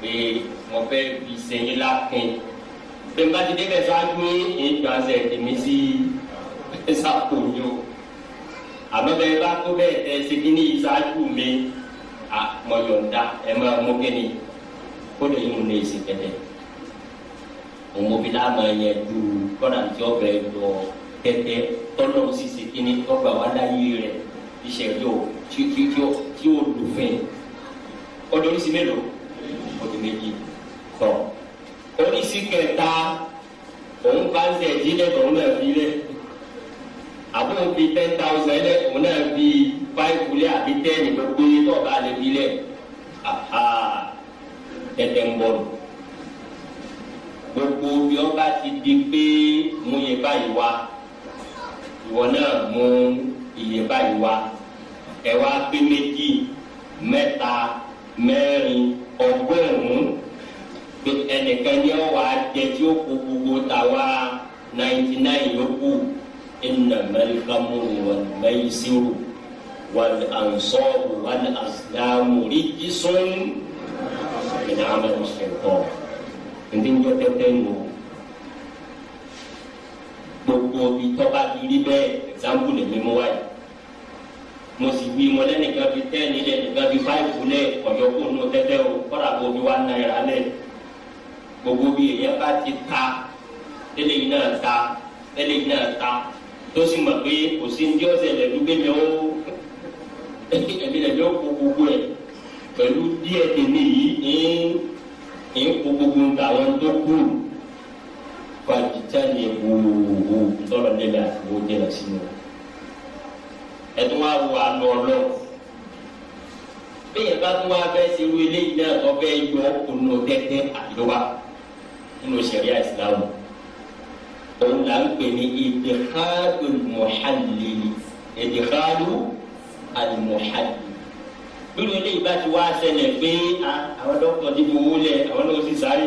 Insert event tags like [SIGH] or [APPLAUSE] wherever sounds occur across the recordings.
pé mo fẹ́ fi sẹ́yìn lápin pé bá ti débẹ̀ sáájú ìgbàsẹ̀ tèmi sí sàpò yìí o àmọ́ bẹ́ẹ̀ bá tó bẹ́ẹ̀ ẹ ṣe kí ní ìsáájú mi mo yọ̀ǹda ẹ máa mú kíni kó lè yún ní ìsìn kẹtẹ òun fi láàmú ẹyẹ du kọ́nà tí ọbẹ̀ lọ kẹtẹ tọ́lọ̀ sì ṣe kí ní tọ́gbà wá láyé rẹ̀ iṣẹ́ yóò tí ó lùfẹ́ ọdún oríṣi mélòó méjì tọ̀ oríṣi kẹta òun bá ń tẹ̀ dílé òun náà fi lé àbúrò fi ten thousand lé òun náà fi five lé àbí ten gbogbo tó bá lè fi lé tẹ̀tẹ̀ ń bọ̀ gbogbo bí wọ́n bá ọgọ́rùn-ún pé ẹnìkan ní ọwọ́ adé tí ó kó gbogbo tàwa náìtì náì yòókù ẹnìna mẹ́rìndínláàmù wọn mẹ́yìísírù wọn ànsọ́ọ̀bù wọn àsìlámù rí jísún ìdá àmàlù ṣètò ndí njọ tẹ́tẹ́ nù gbogbo ìtọ́ba ti bẹ́ẹ̀ ẹ̀sáǹpù lè mímú wáyé mo sì wí mo lẹ́nìkan fi tẹ́ẹ̀nì lẹ̀ nìkan fi fáìfù lẹ̀ ọ̀yọ́ kò nù tẹ́tẹ́ o kọ́ra bó mi wá náírà lẹ̀ gbogbo bí èèyàn bá ti ta eléyìí náà ta eléyìí náà ta tó sì mọ̀ pé kò sí ní ọ̀sẹ̀ lẹ̀ dúgbẹ́ mi ó ẹ̀mí lẹ̀ mi ó kó gbogbo ẹ̀ pẹ̀lú díẹ̀ tèmi yìí ń ń kó gbogbo ń ta àwọn tó kù fàdíjà ni wòwòwò tọ́lọ̀ lẹ́la àti wò jẹ́ sínú ẹtú wá wo àlọ ọlọ́run bẹ́ẹ̀ bá tún wá fẹ́ ṣe irú eléyìí náà tó fẹ́ yọ ọkùnrin tẹ́tẹ́ àlọ́wà nínú sẹ̀ríà ìsìlámù òun là ń pè ní ìdíkàdù mọ̀hálìlì ìdíkàdù àlùmọ̀hálìlì nínú eléyìí bá ti wá ṣẹlẹ̀ pé ah, àwọn dókítà ti fowó lẹ̀ àwọn náà sì sáré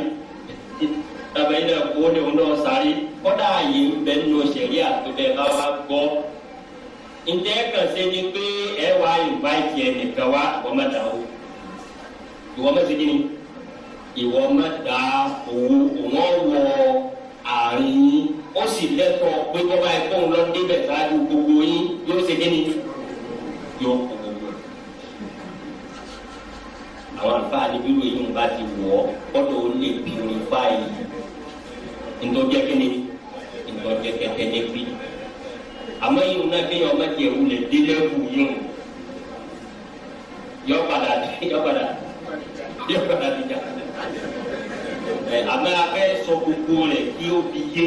tàbí ilẹ̀ kó lè ń lọ sáré kọ́dà yìí ń nínú sẹ̀ríà tó bẹ́ẹ̀ bá wá gbọ́ ntẹ kan ṣe ni pé ẹ wá invite yẹn nìkan wá ìwọ má da o ìwọ má ṣe kíni ìwọ má da owó wọn wọ àárín yín ó sì lẹ́tọ̀ọ́ pé bọ́bá ẹ̀kọ́ ń lọ débẹ̀ ṣáájú gbogbo yín yóò ṣe kíni yóò gbogbo àwọn àlùfáà ní bírò yìí ń bá ti wọ̀ ọ́ lè purify nítorí jẹ́ kíni nítorí jẹ́ kẹ́kẹ́ ní bíi àmọ́ yìí wọn kéèyàn ọmọ tiẹ̀ wù lè délé wù yín o yọ padà yọ padà yọ padà dìjà ẹ àmọ́ abẹ́ sọ gbogbo rẹ̀ kí ó fi yé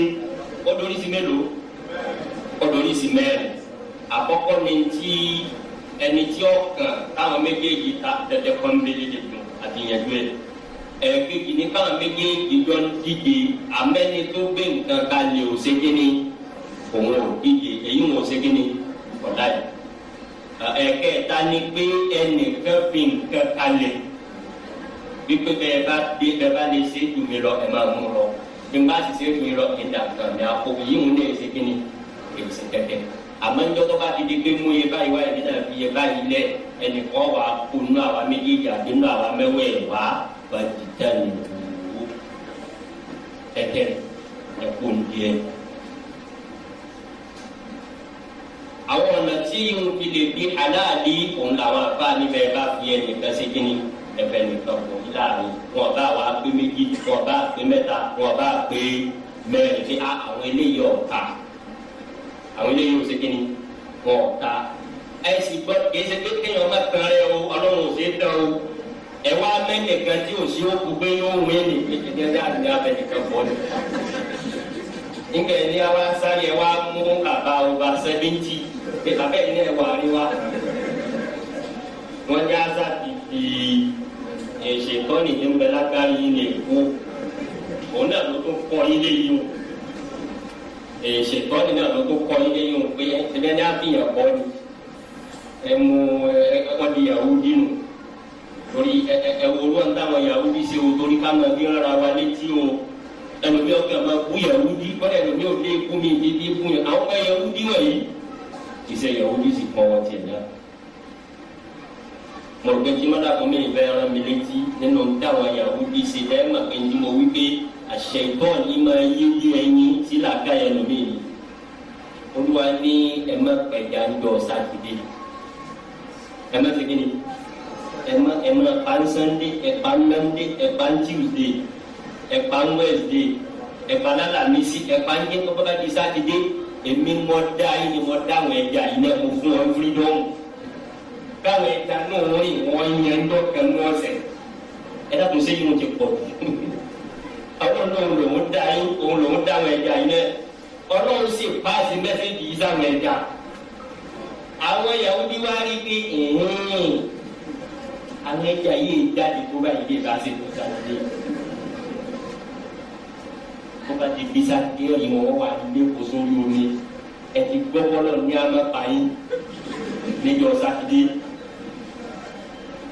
ọdún oríṣi mélòó ọdún oríṣi mẹ́rin àkọ́kọ́ ni ti ẹni tí ó kàn táwọn méjèèjì ta tẹ̀tẹ̀ kan méjèèjì dùn àti ìyẹ̀dú ẹ̀ ẹ̀ẹ́dẹ́gbẹ̀jì ní káwọn méjèèjì jọ ń díje àmẹ́ni tó gbé nǹkan kalẹ̀ ò ṣe kéde òun ò díje èyí wọn ò ṣe kí ni ọ̀la yìí. ẹ̀kẹ́ta ni pé ẹnìkan fi nǹkan kalẹ̀ wípé bẹ́ẹ̀ bá dé bẹ́ẹ̀ bá lè ṣe jù mí lọ ẹ̀ máa mú lọ bí n bá sì ṣe jù mí lọ ìdá kan ní àpò yìí wọn lè ṣe ni èyí ṣe kẹ̀kẹ́ àmọ́ ń jọ́tọ́ bá ti pé mú iye báyìí wáyé nígbà fi iye báyìí lẹ̀ ẹnìkan wà kó àwa méjèèjì àbí nú àwa mẹ́wẹ́ẹ̀ wá bá ẹ̀kẹ́ ẹ̀kú ń àwọn ọ̀nà tí irun fi lè di aláàlí òun làwọn afá níbẹ̀ bá fi ẹnì kan ṣe kínní ẹ̀fẹ̀ nìkan kò ní láàrin wọn bá wàá pé méjì wọn bá pé mẹ́ta wọn bá pé mẹ́rin fi á ah, àwọn eléyìí ọ̀ta àwọn eléyìí ṣe kínní wọn ọ̀ta ẹ sì gbọ́ kì í ṣe pé kéèyàn má kan rẹ o ọlọ́run ò ṣe é dán o ẹ wá mẹ́nìkan tí ò sí òkú pé yóò wé ní ìpínlẹ̀ ní àdúrà mẹ́nìkan bọ́ ni nígbà yẹn ni a sáré ẹ mú bàbá ọba sẹ́bíntì pé bàbá yìí náà wà rí wa wọ́n ní ásà ti fi ìṣètọ́ nìyí ń bẹ lágbára yìí lè kú òun náà ló tó kọ́ ilé yìí ni ẹmu ẹ̀kọ́ di yahoo dínú torí ẹ̀wòrú ọ̀n táwọn yahoo bí ṣe o torí ká máa fi rárá wa létí o ẹlòmíọ̀ kí a máa kú yahoo dí kọ́ ẹlòmíọ̀ lé kú iṣẹ́ yahoo sì pọ̀ wọ́n tiẹ̀ náà mo rò pé kí má dàpọ̀ mi ìfẹ́ ara mi létí nínú dáwọn yahoo bí ṣe ẹ́ mà pé ní mo wí pé àṣẹ ìtọ́ọ̀lì máa yí bí ẹyin sí làákàyè lómi ni olúwa ní ẹ má pẹ̀já ni ẹ má ẹ má pa ń sànńdé ẹ pa ń mẹ́ndé ẹ pa ń tíwìdé ẹ pa ń wẹ́sdé ẹ pa lálàmísì ẹ pa ń jẹ́ èmi mọ dá yìí ni mo dáwọn ẹja yìí náà mo fún wọn fúri dọ́wọ́ báwọn ẹja náà wọ́n yìí wọ́n yẹn ń dọ́kẹ́ ní ọ̀sẹ̀ ẹ̀dá tó sẹ́yìn mo ti pọ̀ àwọn [LAUGHS] ọlọ́run lòún dá yìí òun lòún dáwọn ẹja yìí náà ọlọ́run sì paasi mẹ́sẹ̀gì yìí sáwọn ẹja àwọn Yahudi wá rí pé àwọn ẹja yìí jáde tó báyìí dé bá a ṣe tó sáwọn ẹja bó bá ti bí sá kí ọ̀yìn wọn wà lé kó sórí omi ẹ ti gbọ́ bọ́lọ̀ ní àmọ́ pààyè níjọ sátidé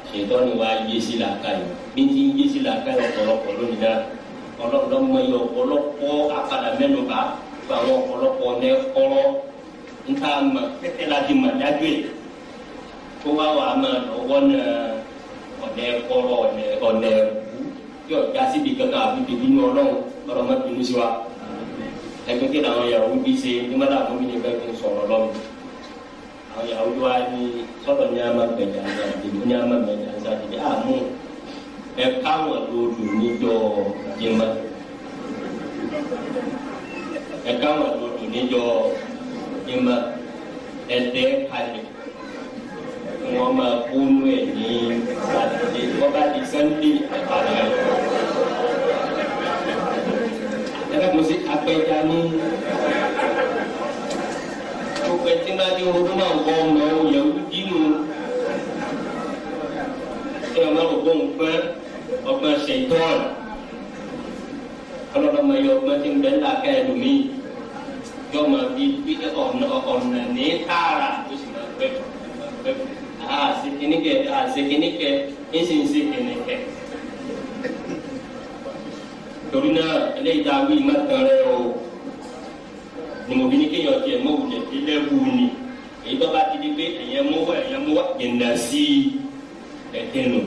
ṣètò ni wàá yé sí làákà yìí bí ti yé sí làákà yìí ọ̀pọ̀lọpọ̀ lónìí náà ọlọ́dọ̀ mọ iye ọ̀pọ̀lọpọ̀ apàdà mẹ́nu bá gba àwọn ọ̀pọ̀lọpọ̀ ní ọ̀rọ̀ nta mọ tẹ́tẹ́ la ti mọ̀ dájú kó wá wà á mọ̀ lọ́wọ́ náà ọ̀nà ẹ̀kọ́rọ̀ ọ̀nà ẹ̀kú yóò dá síbi kankan àbújá nínú ọlọ́run ọ̀rọ̀ ma bínú sí wa ẹgbẹ́ kí làwọn Yahudi ṣe nígbà tá a mú mi ní bẹ́ẹ̀ kí n sọ̀rọ̀ lọ́mù àwọn Yahudi wa ni sọ́dọ̀ ní a máa gbẹ̀jà ní àdìgbò ní a máa gbẹ̀jà ní àdìgbò àmú ẹ káwọn lòdù níjọ́ jimá ẹ káwọn lòdù níjọ́ jimá ẹ tẹ́ kalẹ̀ wọn máa kó nú ẹ ní àdìgbò wọn bá di sànńdé àpàlẹ́ ẹ̀ka kò sí apẹja ní gbogbo ẹtí máa ní ronú máa ń kọ́ ọmọ ìyàwó dínú kí ọmọ ọgbọ́n gbọ́n ọgbọ́n ṣètọ́n ọlọ́dọ̀mọ yọ ọgbọ́n tí ń bẹ láàká ẹlòmí yọ ọmọ bíi ọ̀nà ọ̀nà ní tààrà tó sì máa gbẹ àà ṣe kìnnìkẹ àà ṣe kìnnìkẹ ń sì ń ṣe kìnnìkẹ torí náà eléyìí tá wí má tán rẹ o ni mo fi ní kéèyàn tiẹ̀ mọ́ wulẹ̀ délẹ̀ wù ni èyí tó bá ti di pé ẹ̀yẹ mú wá ẹ̀yẹ mú wá jẹ̀ǹdà sí ẹ̀dẹ́nu.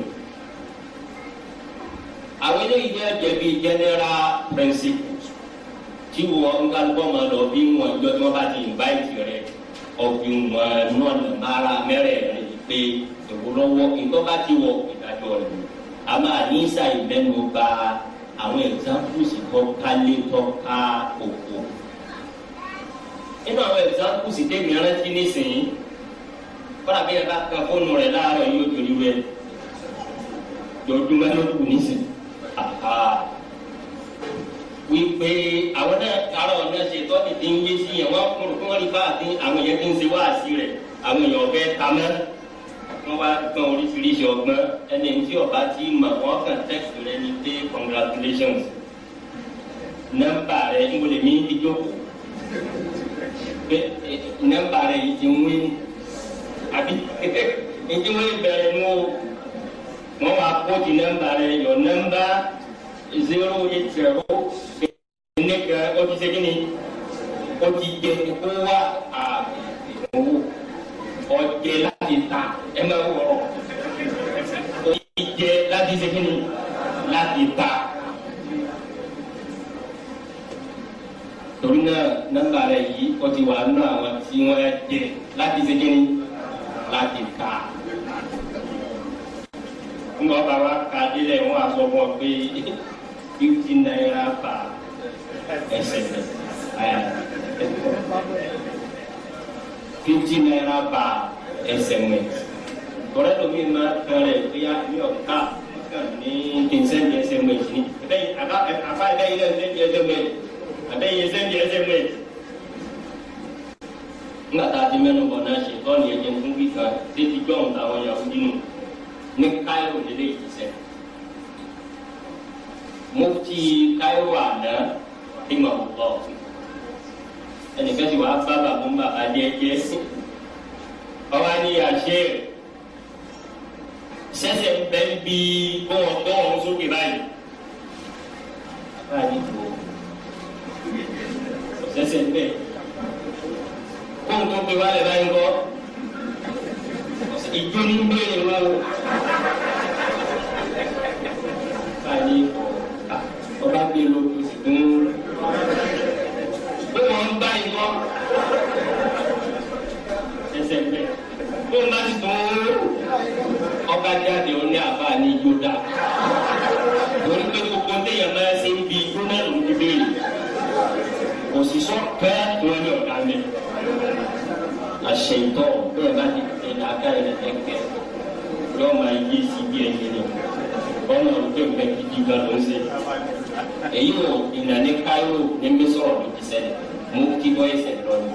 àwọn eléyìí jẹ́ jẹ̀bi general principle tí wọ́n ń kálukọ́ máa lọ bí wọ́n jọ tí wọ́n bá ti invite rẹ̀ ọ̀gbìn wọn náà nà mára mẹ́rẹ̀ rẹ̀ pé ìwúlọ́wọ́ ìtọ́ bá ti wọ ìdájọ́ rẹ̀ a máa ní sàyẹ̀mẹ́nu bá a àwọn examples tọ́ka lé tọ́ka òkò nínú àwọn examples tẹ̀mí rántí nísìnyí kọ́lá bí ẹ bá ka fóònù rẹ̀ láàárọ̀ yóò torí wẹ̀ jọdún mẹ́lẹ́ kù nísìnyí wípé àwọn náà ará ọ̀nà ṣe tọ́ni ti ń yé sí yẹn wọ́n kúrò kí wọ́n rí bá àti àwọn yẹn ti ń ṣe wáàsí rẹ̀ àwọn èèyàn fẹ́ tamẹ́ wọ́n wá gbọ́n oríṣiríṣi ọgbọ́n ẹni tí ọba ti mọ̀ wọ́n kàn tẹ́kì rẹ ni pé congratulations nọ́mbà rẹ n wòle mi ti jókòó pé nọ́mbà rẹ yìí ti wí àbí [LAUGHS] ìdí o bẹ̀rẹ̀ nù wọ́n wá kóòtù nọ́mbà rẹ yọ nọ́mbà zero eight zero ne kẹ o ti segin ni o ti jẹ kó wá a owó ọjẹ láti ta ẹ máa wọ ọ ti jẹ láti segin ni láti ta. torí náà nọ́mbà rẹ yìí ó ti wà nínú àwọn tí wọ́n jẹ láti ṣe kíni láti ta. ńgbọ́n di kàdé lẹ̀ wọ́n aṣọ fún ọ pé fifty naira pa ẹsẹ̀ fifty naira pa ẹsẹ̀ mẹ́. tọ́lẹ́ lómi máa tẹ̀lé bóyá mi ò ká ni tinsɛn deɛ sɛ mɛ sini a bɛ a ka a fa bɛ yɛlɛ sɛn deɛ sɛ mɛ a bɛ yɛ sɛn deɛ sɛ mɛ. n ka taa di mɛnu bɔ n'a se tɔ nin ye jɛnkun bi kan se ti jɔn ta wɔn yahu dinu ne kaayɔrɔ de bɛ ti sɛ. mufti kaayɔrɔ àná ìmọ̀ ọ̀tọ̀ ẹnìkan ti wàá bá bàbá ń bàbá jẹ́ jẹ́ sí. ọba ni àṣẹ sẹ́sẹ̀ ń bẹ́ ń bí bọ́ọ̀ bọ́ọ̀ sókè báyìí. báyìí tó sẹ́sẹ̀ ń bẹ̀. kóun tó gbé wálé báyìí kọ́ ìjó ní bẹ́ẹ̀ wá o. báyìí ọba gbé lóko sí fún bí wọ́n ń bá yìí kọ́ sẹ́sẹ̀ ń bẹ̀. kóun bá bá jáde òun ní àbá ní igbó dà torí pé gbogbo téèyàn máa ṣe ń bi igbó náà lòún ti béèrè òṣìṣọ́ kẹ́ tó ní ọ̀dà mi àṣeyìntọ́ bẹ́ẹ̀ bá ti tẹ̀ ní aká yẹn lẹ́kẹ̀ yọ máa yé sí bí ẹni ni ọmọ òkè òkè gidi gan ló ń ṣe èyí ò ìnáni káyọ̀ ní mísọ̀rọ̀ ló ti ṣẹlẹ̀ mú kí bọ́ ẹsẹ̀ lọ́nà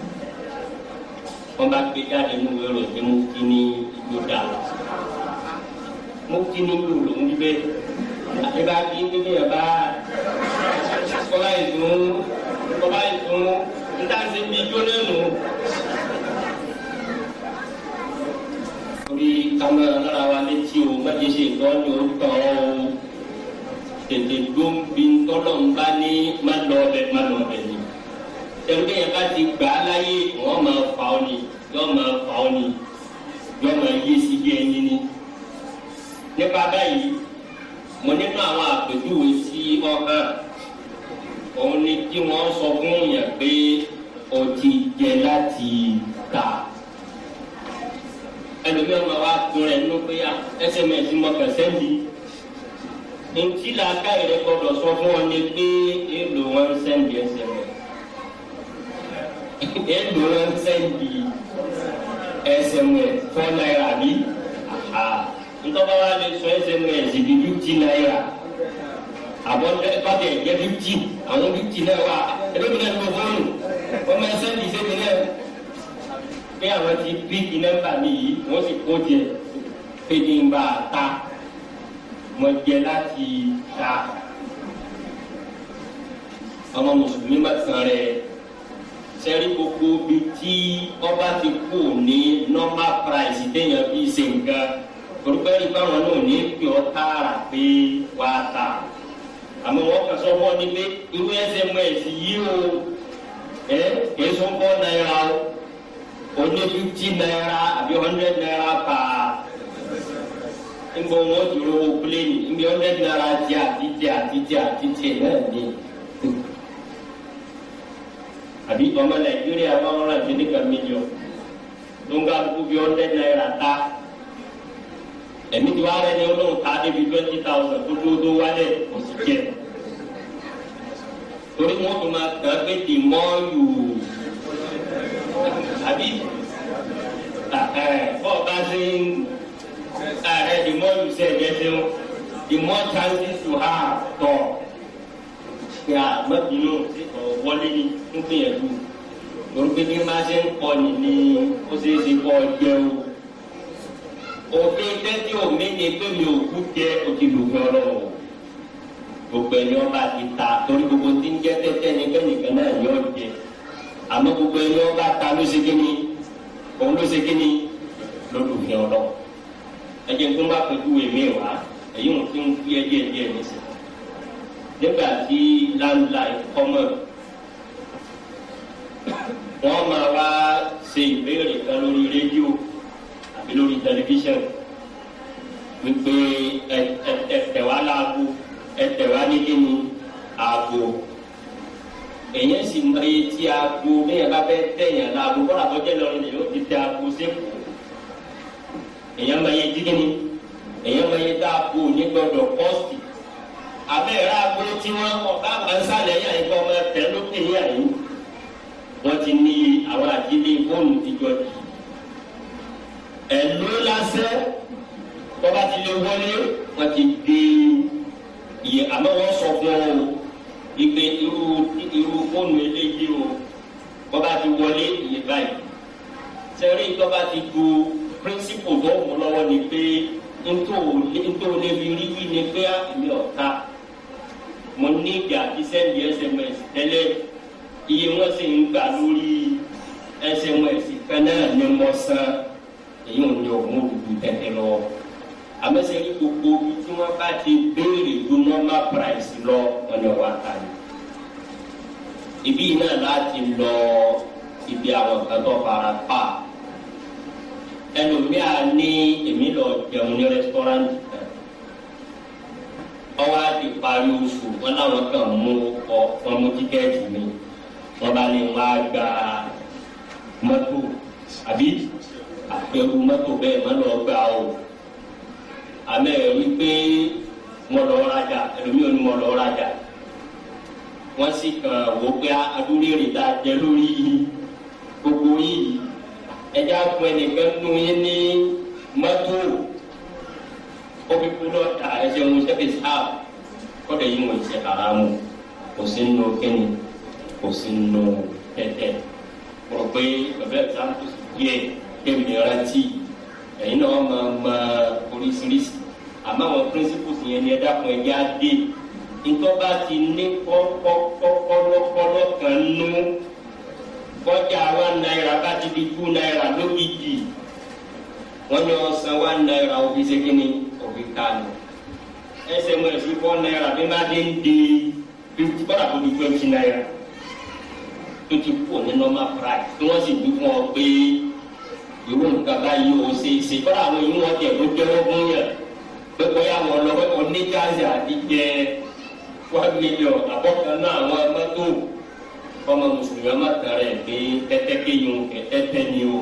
wọn bá gbé jáde nínú ìròyìn mú kí ní igbó dà mufti ní ìlú ló ń wípé àdébá bí wípé yàrá kọ́lá ìdùn kọ́lá ìdùn ntáǹsì bí jóná nù. orí kámẹ́ lára wa létí o méje ṣe nǹkan ni ó tọ̀ ọ́ tètè gbóǹbi tọ́lọ̀ ń bá ní má lọ ọbẹ̀ má lọ ọbẹ̀ ni. tẹ̀wé yẹn bá ti gbà á láyé wọ́n máa fà ọ́ ni yọ́ máa fà ọ́ ni yọ́ máa yé sí bí ẹni nípa báyìí mo nínú àwọn àpèjúwe sí ọkàn òun ni kí wọ́n sọ fún yẹn pé o ti jẹ láti ta ẹlòmíràn máa wá tún rẹ nínú pé sms mọ kẹsẹ́ ń di ntí làákà yẹrẹ sọ fún ọ ni pé èlò wọn sẹ́ndì sms [LAUGHS] èlò wọn sẹ́ndì sms fọ́ náírà bí ntọ́ba wa lè sọ ẹsẹ̀ mú ẹ̀sì bíi fifty naira àbọ̀ pàtẹ ẹ̀jẹ̀ fifty àwọn fifty náà wà ẹlẹ́mi náà tó fóònù ọmọ ẹsẹ̀ ní ìṣẹ́mi náà pé àwọn ti píìkì nọ́mbà mi yìí wọ́n sì kó tiẹ̀ pé kí n bá a ta mo jẹ láti ta ọmọ mùsùlùmí bá san rẹ̀ sẹ́rí gbogbo bíi tí ọba ti kú ní normal price téèyàn fi ṣe nǹkan torúkọ ẹni pé àwọn náà ní pè ọ́ tààrà pé wà á ta àmọ́ wọ́n kà sọ fún ọ ní pé irú sms yìí o ẹ èso ń bọ́ náírà o ó ní fifty náírà àbí hundred náírà pa ń bọ̀ wọ́n dúró owó pléènì ń bí hundred náírà jẹ́ àti jẹ́ àti náà ní àbí ọmọ nàìjíríà máa ń rà sí nígbà mílíọ̀nù tó ń ká kú hundred náírà ta ẹ̀mí ti wá rẹ̀ ní olóhùn ká débi twenty thousand tó dúró tó wálẹ̀ kò sì jẹ́ torí wọn tún máa kàn pé the more you àbí bọ́ọ̀ bá ṣe ń ààrẹ the more you ṣe ẹ̀jẹ̀ ṣe ń the more chances you have tọ̀ pé àgbẹ̀bínú ṣe kọ̀ wọlé ní ń gbìyànjú pé bí wọ́n bá ṣe ń kọ́ ni ó ṣeé ṣe kọ́ jẹun òfin tẹ́tí òmí ni pé mi ò kú jẹ òtí lùfẹ́ ọlọ́run gbogbo ẹni ọba ti ta torí gbogbo tí ń jẹ tẹ́tẹ́ ni kẹ́nìkan náà yọ jẹ àmọ́ gbogbo ẹni ọba ta ló ṣe kí ni òun ló ṣe kí ni lólùfẹ́ ọlọ́run ẹjẹ tó ń bá pẹ̀lú èmi wá èyí wọn ti ń fi ẹjẹ díẹ̀ nísìnyí nígbà tí landline kọ́mọ̀ wọ́n máa wá ṣe ìbéèrè kan lórí rédíò lórí tẹlifíṣàn wípé ẹtẹ̀ wá láago ẹtẹ̀ wá ní kíni aago èyàn sì mọ iye tí aago bẹ́ẹ̀ bá fẹ́ tẹ̀yàn láago bọ́lá tó jẹ́ lọ́rin lèyìn ó ti tẹ aago sẹ́kù èyàn mọ iye dígínì èyàn mọ iye tá a kú ní gbọdọ̀ pọ́ọ̀sì abẹ́rẹ́ aago tí wọ́n ọba àgbànsálẹ̀ yà ń kọ́ ọmọ tẹ̀ lókè yà yìí wọ́n ti ní àwọn àdílé fóònù ti jọ jù ẹ̀lú lásẹ̀ bọ́ba ti lè wọlé wọ́n ti dé iye àmọ́ wọ́n sọ fún ọ ìpè irú irú fóònù eléyìí o bọ́ba ti wọlé iye báyìí sẹ́rí bọ́ba ti du píríncípù tó mú lọ́wọ́ ni pé ntòlè mi rí wí ni pé àmì ah, ọ̀ta mo ní ìgbà tí sẹ́ndì sms tẹ́lẹ̀ iye wọ́n sì ń gbà lórí sms kan náà ni mo san èyí ń yọ òun òdùdù tẹ̀tẹ̀ lọ. àmẹ́sẹ̀ ní gbogbo bí tí wọ́n bá ti béèrè ju normal price lọ wọ́n ní ọwọ́ àtàlẹ́. ibi náà láti lọ ibi àwọn nǹkan tó fara pa ẹlòmíà ní èmi lọ jẹun ní rẹ́sítọ́rántì kan ọwọ́ àti parí oṣù wọn làwọn kan mú ọ wọn mú tíkẹ́ẹ̀tì mi wọn bá ní wọn á gba mọ́tò àbí àpẹrù mọ́tò bẹ́ẹ̀ má lọ gbà o àmẹ́ rí pé mo lọ rajà ẹlòmíì ni mo lọ rajà wọ́n sì kàn wò pé adúlérè tá a jẹ lórí gbogbo yìí ẹjẹ́ àpò ẹnìkan nù yín ní mọ́tò ó fi kú lọ́ọ̀tà ẹ̀ṣẹ̀ wọn ṣẹ́fẹ̀sì kọ́dọ̀ yìí wọ́n ṣe haramu kò sí nù kẹ́ni kò sí nù tẹ́tẹ́ rò pé bàbá ẹ̀ sáà tó tẹ̀lé rántí ẹ̀yin náà mọ mọ oríṣiríṣi àmọ́ àwọn principles yẹn ni ẹ dákun ẹ yá dé ntọ́ bá ti ní kọ́kọ́kọ́lọ́kọ́lọ́ kan nú kọjá one naira bá ti di two naira lókìkì wọ́n yọ san one naira òbí segini òbí kanu sms four naira bí má dé ń di fifty bọ́dà tó di twenty naira tó ti kú ní normal price tí wọ́n sì dúró fún ìwé nǹkan báyìí o ṣe ṣe kọ́ra àwọn inú wọn tiẹ̀ tó jẹ́wọ́ fún yẹn pẹ́pẹ́ yà wọ́n lọ pẹ́pẹ́ oníjàzì àti jẹ́ one million àbọ̀kan àwọn mọ́tò ọmọ mùsùlùmí ọmọ tẹ̀rẹ̀ pé tẹ́tẹ́kẹ́ yun tẹ́tẹ́ ni o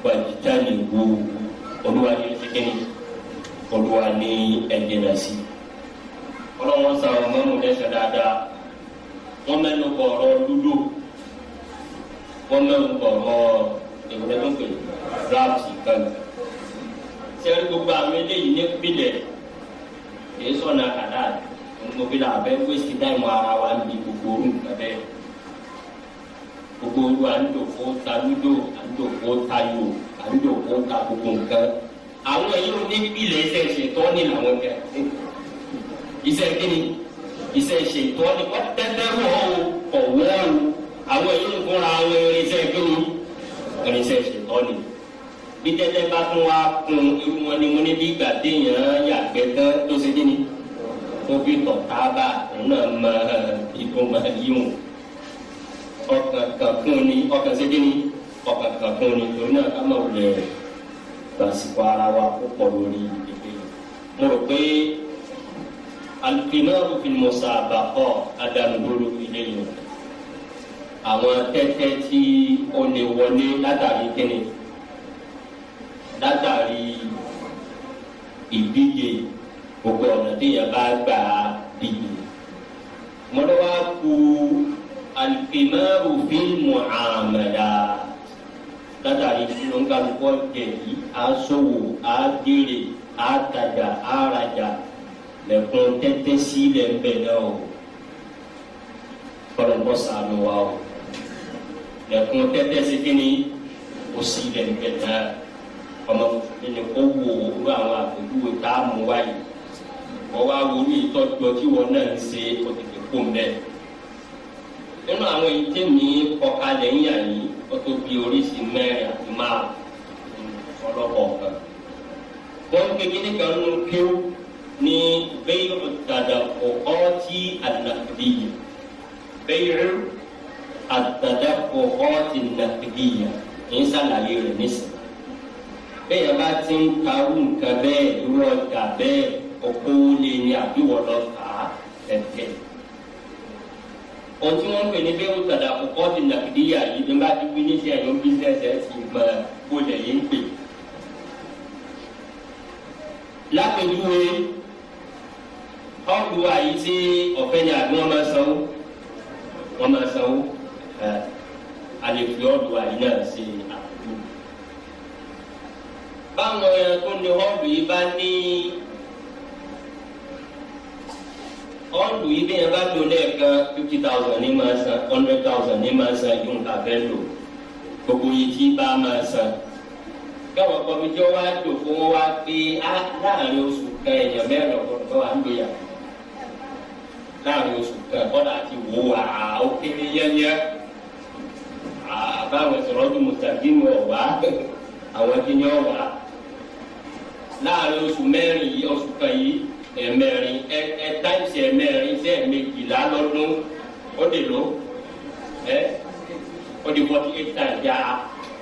gbajúta ni o olúwa ni ẹ̀ṣẹ̀kẹ́ ni olúwa ni ẹ̀jẹ̀nà sí ọlọ́wọ́n sàrọ̀ mọ́mú lẹ́sẹ̀ dáadáa wọ́n mẹ́nu kọ̀ ọ̀rọ̀ wọ́n mẹ́nu kọ̀ ìwé ló ń pè draft kan sẹ́rí gbogbo àwọn eléyìí ní pilẹ̀ èyí sọ̀nà kàdá gbogbo bí la abẹ́ wéṣí dáìmọ̀ ara wa ní gbogbo orú nǹkan bẹ́ẹ̀ gbogbo orú à ń dòkó ta lúdò à ń dòkó ta yò à ń dòkó ta gbogbo nǹkan àwọn èyí ò ní pilẹ̀ iṣẹ́ ìṣètọ́ ní làwọn kẹ iṣẹ́ kíni iṣẹ́ ìṣètọ́ ní wọ́n tẹ́tẹ́ wọ́ o kọ̀ wọ́ o àwọn èyí ń fúnra wọn irinṣẹ́ kíni irinṣẹ́ ṣètọ́ni bí tẹ́tẹ́ bá tún wá kun irú wọn ni mo ní bí ìgbà téèyàn yàgbẹ́ tán tó ṣe kí ni tó fi tọ̀ tábà náà mọ ìbò mọ yíwọ̀n ọkàn kan kún ni ọkàn ṣe kí ni ọkàn kan kún ni torí náà ká máa wulẹ̀ gbàsíkò ara wa kó pọ̀ lórí ìpè mo rò pé alùpùpù náà fi mọ̀ sábà kọ́ adànù lórí ilé yìí àwọn tẹ́tẹ́ tí ó lè wọlé látàrí kíni látàrí ìdíje gbogbo ọ̀nà téèyàn bá gbà díje mọ́lọ́wá ku alikimaru fíìmù àmàlà látàrí lóńgàlùkọ́ jẹ̀bi aṣòwò àgèrè àtàjà àràjà lẹ́kùn tẹ́tẹ́ sílẹ̀ ń bẹ̀ náà o kọlọ̀bọ̀ sànù wa o lẹ̀kùn tẹ́tẹ́ sí kí ni ó sì lẹ́nu kẹta ọmọ ẹni kó wo irú àwọn àpèjúwe tá a mú wáyé wọ́n wá wo ní ìtọ́jú ọtí wọn náà ń ṣe ó ti fi kó mbẹ́. nínú àwọn èyí tí mi kọkalẹ̀ ń yà yìí tó bí oríṣi mẹ́rin àti márùn-ún kan. wọ́n ń kékeré kan nínú kéwù ní bẹ́ẹ̀ ọ̀dàdà ọ̀kọ́ tí àdàkùdì yìí àtàdàpọ̀ ọ́ọ̀tì nàfìdíyà ń sàlàyé rẹ̀ nísìnyí. bẹ́ẹ̀ yẹn bá ti ń karú nǹkan bẹ́ẹ̀ irú ọjà bẹ́ẹ̀ ọ̀pọ̀ olè ni àbíwọ̀ lọ kà á tẹ̀tẹ̀. ohun tí wọ́n ń pè ní bẹ́ẹ̀ àtàdàpọ̀ ọ́ọ̀tì nàfìdíyà yìí ni bá ti gbé níṣẹ́ ẹ̀yọ́ bísíǹsì ẹ̀ ti mọ̀ olè yìí ń pè. lápẹjúwe ọ̀gbùwà yìí ọ̀fẹ́ ni àbí wọ́n máa sanwó wọ́n máa sanwó kan àlefi ọdún àyè náà aku. àbúrò. báwọn tó ní ọ̀dù yìí bá ní ọ̀dù yìí bí yẹn bá lò lẹ́ẹ̀kan fifty thousand ní máa san hundred thousand ní máa san yóò ta fẹ́ lò gbogbo yìí tí bá máa san káwọn kọmíjọ wa dò fún wọn wá pé láàrin oṣù kan èèyàn mẹ́rin ọ̀gbọ́n tó wà ń gbé yàrá láàrin oṣù kan kọ́dà ti wò wá ó kéré yẹ́nyẹ́ àbáwọn sọ̀rọ̀ tó mùsàgínì ọ̀wá àwọn kíni ọ̀wá láàrin oṣù mẹ́rin yìí oṣù kan yìí ẹ̀mẹ́rin ẹ̀ ẹ̀ táìsì ẹ̀mẹ́rin sẹ́ ẹ̀mẹ́jìlá lọ́dún ó dè ló ẹ̀ ó dè forty eight times yá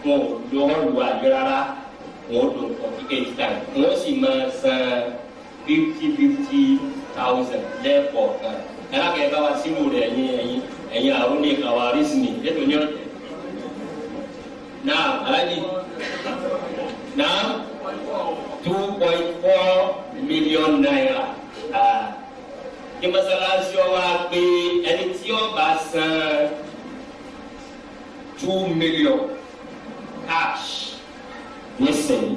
wọn ò lọ wọn lu àyè rárá wọn ò lọ forty eight times wọn sì máa san fifty fifty thousand lẹ́ẹ̀kọ̀ọ̀kan ẹ̀ lákẹ́ bá wa sínú rẹ̀ ẹ̀yin ẹ̀yin ẹ̀yin àrùn ní kàwárí sí ni ètò ní ọ̀tẹ̀ now alaji now two point four million naira ah, kí mọ́sálásí ọ wá pé ẹni tí ó bá san two million cash nísìnyí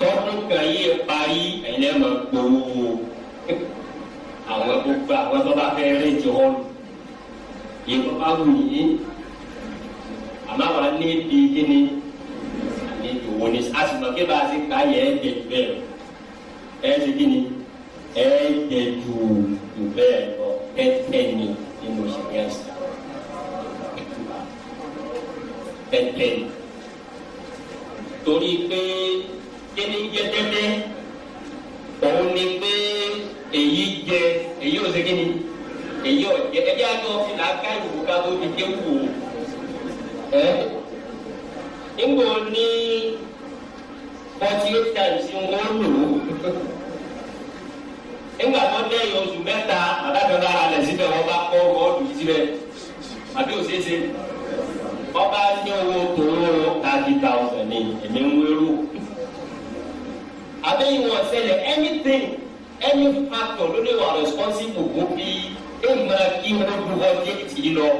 tọ́dún kan yìí parí ẹ̀yìn ẹ̀ máa gbowó àwọn gbogbo àwọn tó bá fẹ́ rìn jọ ọ́ yìí tó bá wù yìí àmọ́ àwọn ní bí kíni àní ìwò ni a sì mọ̀ kí bá a ti kà yẹ ẹ́ jẹ jù bẹ́ẹ̀ ẹ́ ṣe kíni ẹ́ jẹ jù jù bẹ́ẹ̀ lọ tẹ́tẹ́ ni nínú ìṣẹ̀lẹ̀ ẹ̀sìn tẹ́tẹ́ ni torí pé kíni jẹ tẹ́tẹ́ òun ni pé èyí jẹ èyí ò ṣe kíni èyí ò jẹ ẹbí àti òfin làákàyè òkú ká tó di kéwù o. e eh? ńgbò ni forty eight times ń wọ́n lò ó ńgbà tó lẹ́yìn oṣù mẹ́ta àdájọ́ lára rẹ̀ síbẹ̀ wọ́n bá kọ́ bọ́ọ̀lù yìí síbẹ̀ àbí òṣèṣe wọ́n ní owó tòun thirty thousand ní ẹ̀mí ń àbẹ́yìn wọn ṣẹlẹ̀ anything any factor ló lè responsible ẹ̀ kí wọ́n lọ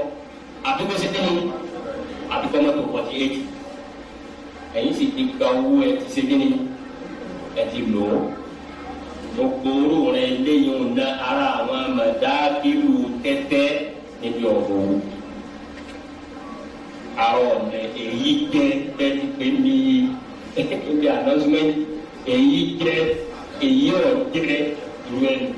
àbí kọ́ mọ́tò forty si ẹ̀yin sì ti gba owó ẹ ti ṣe kíni ẹ ti lò ó gbogbo orú rẹ léyìn ọ̀nà ara àwọn mọ̀dáàbílù tẹ́tẹ́ níbi ọ̀gbọ̀n àwọn ọ̀nà èyí jẹ́ pẹ́ẹ́pẹ́ ní ibi [LAUGHS] àdọ́sùmẹ́ntì èyí jẹ́ èyí ọ̀jẹ́ ìrẹ́nu.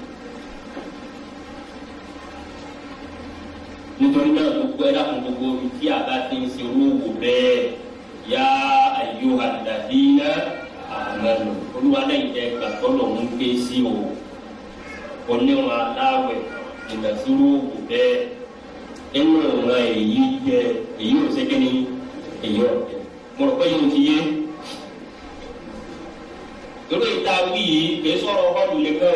gbogbo ẹ dákun gbogbo omi tí a bá ti ń ṣe olówó bẹ́ẹ̀ yá ayò àdàdí náà àmàlù olúwalẹ́yìn tẹ gbàgbọ́ lòún gbé sí o onírun aláwẹ̀ ìdásí olówó bẹ́ẹ̀ inú ìran èyí jẹ èyí ò sẹ́kẹ́ni èyí ọ̀tẹ̀ mo rò pé yóò ti yé torí ìta wí yìí kì í sọ̀rọ̀ ọkọ̀ lulẹ̀ o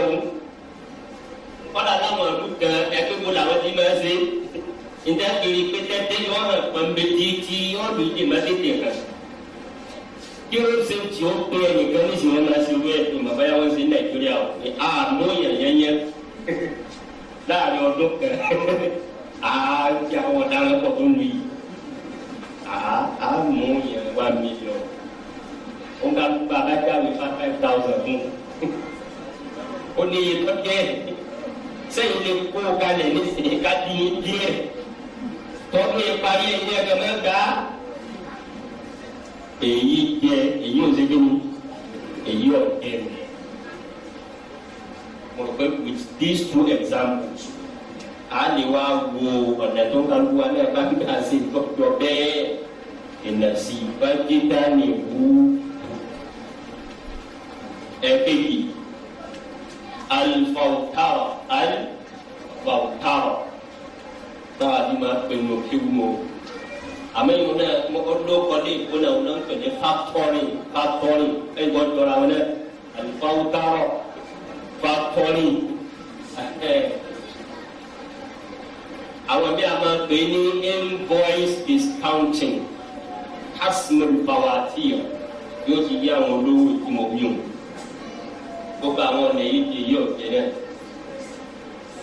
kọ́dà táwọn ọdún kan ẹgbẹ́ wo làwọn ti níta kiri pé tẹ́tẹ́ yọ hàn pọ̀nbẹ́tì tí ọ̀dùn ìdè má tètè hàn kí ló ṣe tí ó pé ẹnìkan ní ìṣòro máa ṣe wé ẹ̀sìn bàbá yà wọ́n ṣe nàìjíríà ò pé àmú yẹ̀yẹ́yẹ́ láàrin ọdún kan àti [LAUGHS] àwọn ọ̀daràn pọ̀ tó ń lu yìí àmú yẹn wá mílíọ̀nù ó ń ká bàbá jáwé five thousand fún [LAUGHS] ó ní iye tó jẹ́ sẹ́yìn lè kó o kalẹ̀ nísìnyí ká dín díẹ̀ tọ́kì parí ilé ẹ̀kọ́ mẹ́ta èyí jẹ èyí ò ṣe kéwu èyí ò ẹnu mo rò pé with these two examples a lè wá wo ọ̀nà tó ń ka lu wa náà bá bí a ṣe dọ́kítọ̀ bẹ́ẹ̀ ìnàsí bájẹ́dá ni wú ẹ̀kejì alifawutara alifawutara tá a ní máa pè mọ kéwu mọ àmẹ́yìn wọn náà ọdún kọ́lé ìbò náà wọn náà ń pè ní fátọ́rìn fátọ́rìn ẹ̀yìn wọn jọra wọn náà àlùfáwọ́ tárọ̀ fátọ́rìn àwọn bí a máa pè ní invoice discounting hasmul fawatiyo yóò ti yí àwọn olówó ìtumọ̀ wíwọ̀n gbogbo àwọn ọ̀nà yìí di yí ọ̀jẹ̀ náà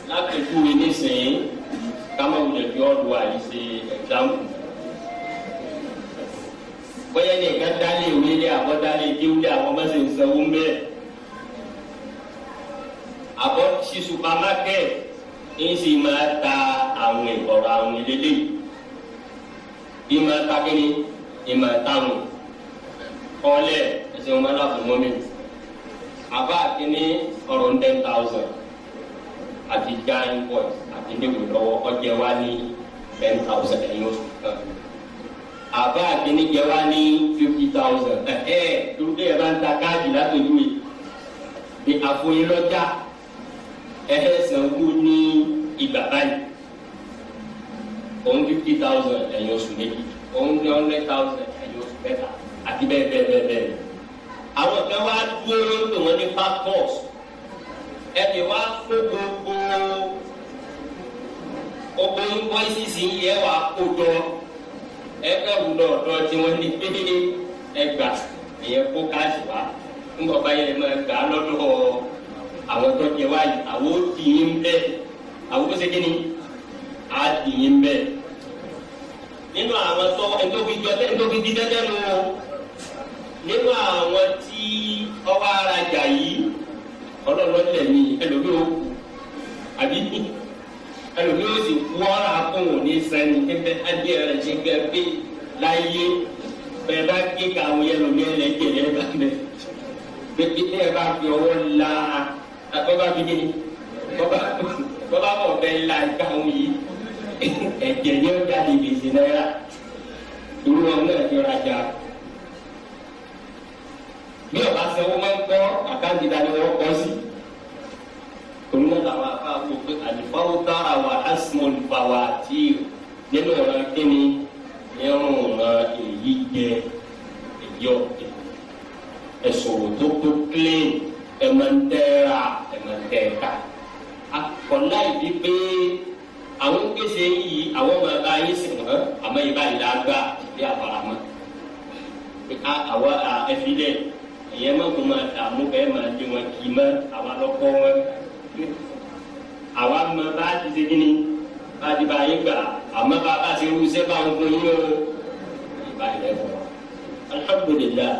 lápẹ̀kúwe nísìnyí kámẹ́ wulẹ̀ fi ọ́ lu àyè ṣe ẹ̀dáwù. bóyá ní ẹ̀ka dálé ìwé lé àbọ̀ dálé ìdíwú lé àwọn mẹ́sẹ̀ ń sanwó ń bẹ́ẹ̀. àbọ̀ sí supamákẹ́ ń sì máa ta àwọn ìkọ̀rọ̀ àwọn ìlélẹ̀ yìí máa ta kini ìmọ̀ táwọn kọ́lẹ̀ ẹ̀sìn wọn máa láàbù wọn mi. àbá kíní ọ̀rọ̀ ten thousand àti giant boys ìdíwò lọ́wọ́ ọjẹ́ wa ní ten thousand ẹ̀yìn oṣù kan àbá àkíní jẹ́ wa ní fifty thousand ẹ̀ ẹ́ turukẹ́ yẹn bá ń ta káàdì látọ̀jú yìí bí àfọyín lọ́jà ẹ̀ ẹ́ sanwó ní ìgbà báyìí òun fifty thousand ẹ̀yìn oṣù méjì òun ní hundred thousand ẹ̀yìn oṣù mẹ́ta àti bẹ́ẹ̀ bẹ́ẹ̀ bẹ́ẹ̀ bẹ́ẹ̀ àwọn kan wá dúró lórí wọn ní factors ẹ̀ wá fún gbogbo gbogbo yín bọ́ sísì yìí ẹ wà kó dọ ẹ fẹ́ wù dọ̀ dọ̀ tí wọ́n ní pé ẹ gbà ẹ̀yẹ kó káàsì wá ńgbọ́ báyìí ẹ máa gbà lọ́dọ̀ àwọn tó jẹ wáyé àwọn tì yín bẹ́ẹ̀ àwọn ó ṣe kí ni á tì yín bẹ́ẹ̀ nínú àwọn tó ẹ̀ńtóbi jọ ẹ̀ńtóbi di dẹ́dẹ́ nù o nínú àwọn tí ọwọ́ arajà yìí ọlọ́run lẹ̀mí ẹlòmíràn àbí ẹlòmí ó sì wú ọ́rà akóhùn ní sani pépé adé rẹ̀ ti gbẹ pé láyé bẹ́ẹ̀ bá ké kàwé ẹlòmí ẹlẹ́jẹ̀ rẹ̀ bá mẹ́ pépé ẹ bá fi ọwọ́ la bọ́bá fi kí ni bọ́bá bọ̀ bẹ́ẹ̀ la gbàhùn yìí ẹ̀jẹ̀ yóò jáde gbèsè náírà irú wọn náà fi rajà bí ọba sanwó máa ń kọ́ àkáǹtì ta wọ́n kọ́ sí torí náà làwọn afáàfọ pé àlìfáwò tára wà asmol fawati nínú ìran kíni ẹrùn ìran èyí jẹ èyí ọ̀tẹ̀ ẹ̀sọ̀rọ̀ tó tó clean ẹ̀ máa ń tẹ́ra ẹ̀ máa ń tẹ́ka akọ̀lá ìdí pé àwọn gbèsè yìí àwọn ọmọ ẹ̀ka yìí sì hàn àmọ́ ìbá yìí la gbà bí àfàràmọ́ a àwọn ẹ̀fílẹ̀ ẹ̀yẹ́ mọ̀kùnmọ̀ àmúkẹ́ máa di wọn kì í mọ́ àwọn alọ́kọ́ wọn àwa mọ bá ti ṣe kíni bá ti bá yín gbà àmọ́ bá bá ṣe wú sẹ́ bá ń fún yín o ìbá ilẹ̀ fún wa alhamdulillah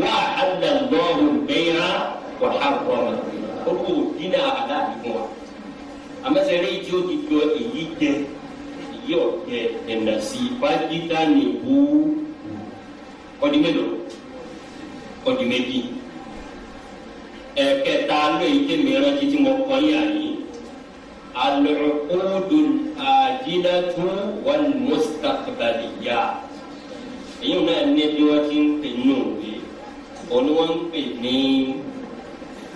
wa alalọ́hu bẹ́ẹ̀rẹ́ wà á rọ̀ ọ́ o kò dínà àdá ìfún wa àmọ́sẹ̀rẹ́ tí ó ti jọ èyí jẹ èyí ọ̀jẹ̀ ẹ̀nà sí fájítà nìbú ọdún mélòó ọdún méjì ẹ̀kẹta ló yìí tẹ̀mí rántí tí mo kọ́ yà yìí alùpùpù àjìnàtú wọn mùsítàkìbàlìyà èyí náà ní bí wọ́n ti ń pè nù bí olúwa ń pè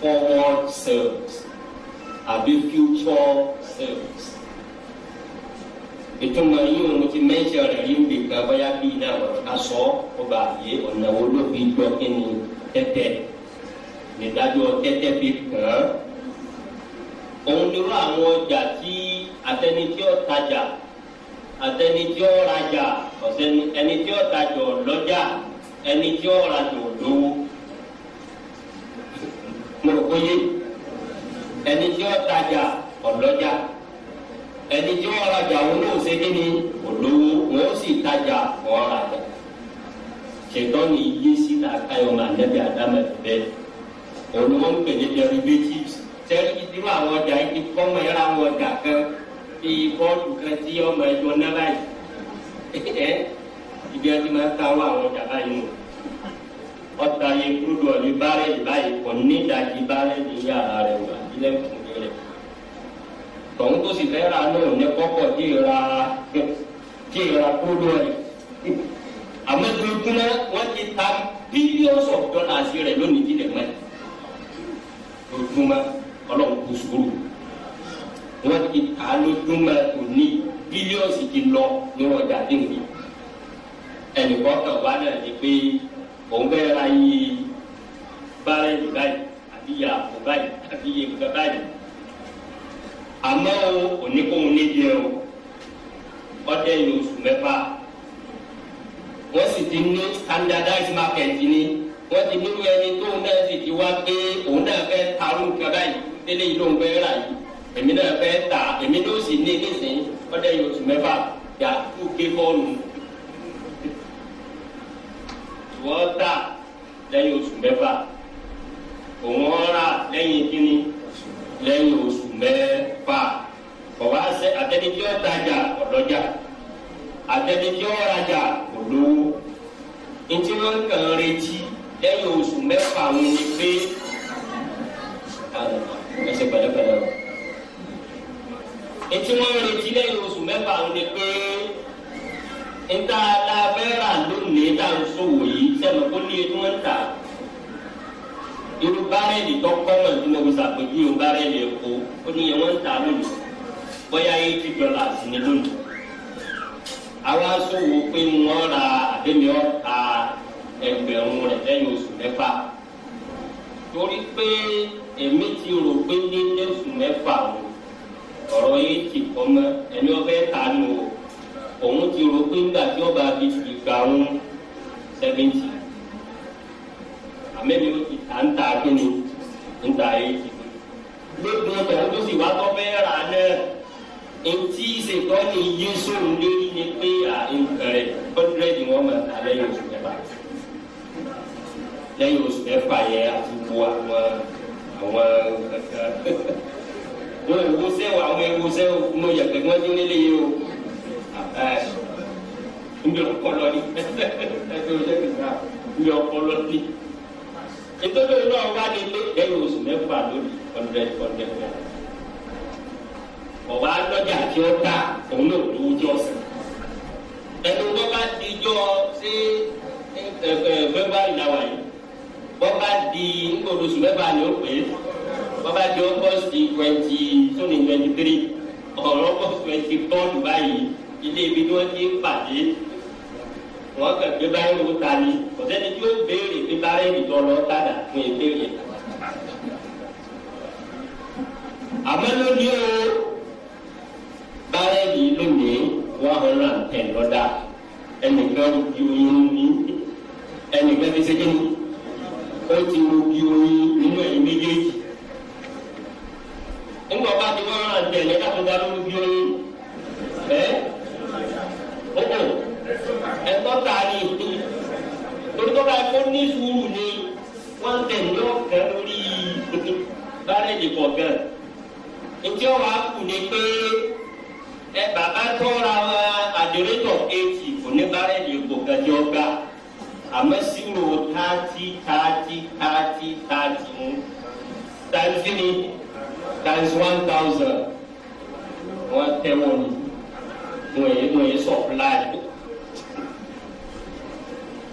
forward sales àbí future sales ìtumọ̀ yìí wọn ti mẹ́ṣẹ̀ rẹ̀ yìí ń bè gbàgbọ́yà bíi náà wọ́n ti ká sọ ọ́ ọba àyè ọ̀nà wo ló fi nídájọ́ tẹ́tẹ́ fi kàn án. òun nírú àwọn ọjà tí atẹni tí ó tajà atẹni tí ó rajà ọ̀sẹ̀ni ẹni tí ó tajà lọ́jà ẹni tí ó rajà lówó. mo rò pé ẹni tí ó tajà ọ̀lọ́jà ẹni tí ó rajà òun náà ṣe kí ni olówó wọn ó sì tajà ọ̀rajà ṣètọ́ ni yé síta káyọ̀ máa nẹ́bí àdámẹ́ bẹ́ẹ̀ òun ni wọ́n ń pè ní derivatives sẹ́rí irú àwọn ọjà kong ti kọ́ mọ ẹ̀rọ àwọn ọjà kan bí bọ́ọ̀lù kan tí ọmọ ẹ̀jọ̀ náà báyìí ẹ̀ ibi ẹni máa ń ta wọ àwọn ọjà báyìí nù ọta yẹ kúrò ní bárẹ̀lì báyìí kò ní ìdajì bárẹ̀lì yàrá rẹ̀ wà nílẹ̀ fún rẹ̀ tọ̀hún tó sì fẹ́ ra náà ní kọ́kọ́ tí ìra tí ìra kúrò rẹ̀ àmọ́ tuntun náà ojúmọ́ ọlọ́run kò sùúrù wọ́n ti àlójúmọ́ òní bílíọ̀sì ti lọ níwọ̀n dàdé òní ẹnìkan kan wà náà ni pé òun bẹ́ẹ̀ ra yí bárẹ́lì báyìí àbí yà àpò báyìí àbí yẹ nǹkan báyìí àmọ́ òní kóhun níbi ẹ̀ o ọdẹ yìí oṣù mẹ́fà wọ́n sì ti ní standardized market ní wọ́n ti nínú ẹni tóun náà sì ti wá pé òun náà fẹ́ tarú nǹkan báyìí délé yìí lóun fẹ́ rà yìí èmi náà fẹ́ tà èmi ló sì ní nísìnyí ọdẹ yìí oṣù mẹ́fà yà kú ké fọ́ọ̀nù wọ́n tà lẹ́yìn oṣù mẹ́fà òun ọ̀rà lẹ́yìn kíni lẹ́yìn oṣù mẹ́fà ọba ṣe àtẹnidíọ́ tajà ọ̀dọ́jà àtẹnidíọ́ rajà olówó ntí wọ́n kàn retí lẹ́yìn oṣù mẹ́fà wọn ni pé ẹsẹ̀ pẹ̀lẹ́pẹ̀lẹ́ o etí wọn retí lẹ́yìn oṣù mẹ́fà wọn ni pé níta la fẹ́ rà lónìí tá a sòwò yìí sẹ́nu kó ní etí wọn ta irú bárẹ́ẹ̀lì tó kọ́mọ̀ tí mo fi sàpèjì irú bárẹ́ẹ̀lì epo ó ní ìyẹn wọn ń ta lónìí bóyá eighty dollars ní lónìí àwa sòwò pé wọn ra àbẹ́mi ọ̀ta ẹgbẹ̀rún rẹ̀ lẹ́yìn oṣù mẹ́fà torí pé èmi ti rò pé ní oṣù mẹ́fà o ọ̀rọ̀ yìí ti kọ́ mọ́ ẹni ọ̀fẹ́ kánú o òun ti rò pé nígbà tí ọba fi ti gbà ń sẹ́fẹ̀ntì àmẹ́ni ó ti tà ń ta kíni ń ta yìí ti gbogbo ẹgbẹ̀rún tó sì wá tọ́ fẹ́ rà náà etí ìṣètọ́ yéṣu ń lérí ni pé à ń kẹrẹ hundred wọn mọ̀ àlẹ́ yóò sùn mẹ́fà lẹ́yìn oṣù mẹ́fà yẹn àti wo àwọn àwọn kankan yóò ewu sẹ́wọ̀ àwọn ewu sẹ́wọ̀ mo yẹ pé wọ́n dín nílé yìí o n bí ọpọlọ ni ẹgbẹ́ oṣù kìkà n bí ọpọlọ ni ìtọ́jú ìlú ọ̀wá ni lé lẹ́yìn oṣù mẹ́fà lórí hundred hundred naira ọba lọ́jà tí ó ta òun náà lówó jọ sàn ẹnu tó bá dijọ́ sí february làwọn yìí bọ́ba di ńgbòdòsù mẹ́fà ni ó pè é bọ́ba di august twenty twenty twenty three ọ̀rọ̀ august twenty four báyìí ilé ibi ni wọ́n ti ń pàdé wọ́n kàn gbé báyìí wò ta ni ọ̀sẹ́ni tí ó béèrè gbé báyìí nìkan lọ tàdà fún ìbéèrè. àmọ́ lónìí báyìí yìí lónìí one hundred and ten lọ́dà ẹnìkan ju oyún ní ẹnìkan ti ṣe kí ni ẹ ti wo bí oyin nínú ẹ̀yìn méjèèjì nígbà bá ti wọ́n rán tẹ̀lé káfí dá lórí bí oyin ẹ ọkọ ẹ̀tọ́ ta ni torí tó bá kó ní sùúrù ni wọ́n tẹ̀lé ọ̀kẹ́ lórí bárẹ̀dì kọ̀ọ̀kan ètí ọ̀rọ̀ àkù ni pé ẹ bàbá tọ́ra àdérétọ̀ eighty kò ní bárẹ̀dì kọ̀ọ̀kan jọ gbà àmọ́ sírò thirty thirty thirty thirty mu times kini times one thousand wọ́n tẹ́ wọ́n ni wọ́n yẹ wọ́n yẹ supply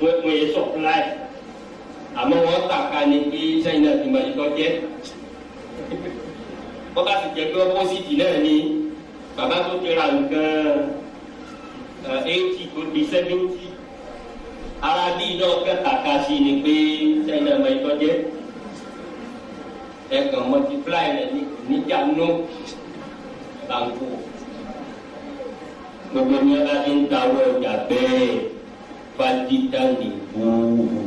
wọ́n yẹ supply àmọ́ wọ́n kàkà ni pé sẹ́yìn náà ti máa yíkọ́ jẹ́ wọ́n bá ti jẹ́ pé ọ́pọ́sìtì náà ni bàbá tó ti nǹkan eh, eighty tó di seventy ara bí iná ọ̀kẹ́ kàkà sí ni pé sẹ́yìn náà máa ń tọ́jẹ́ ẹ̀kan multiply rẹ̀ níjà nù bá ń kú gbogbo ní ọlá ti ń ta owó ọjà bẹ́ẹ̀ fadita ní gbòòrò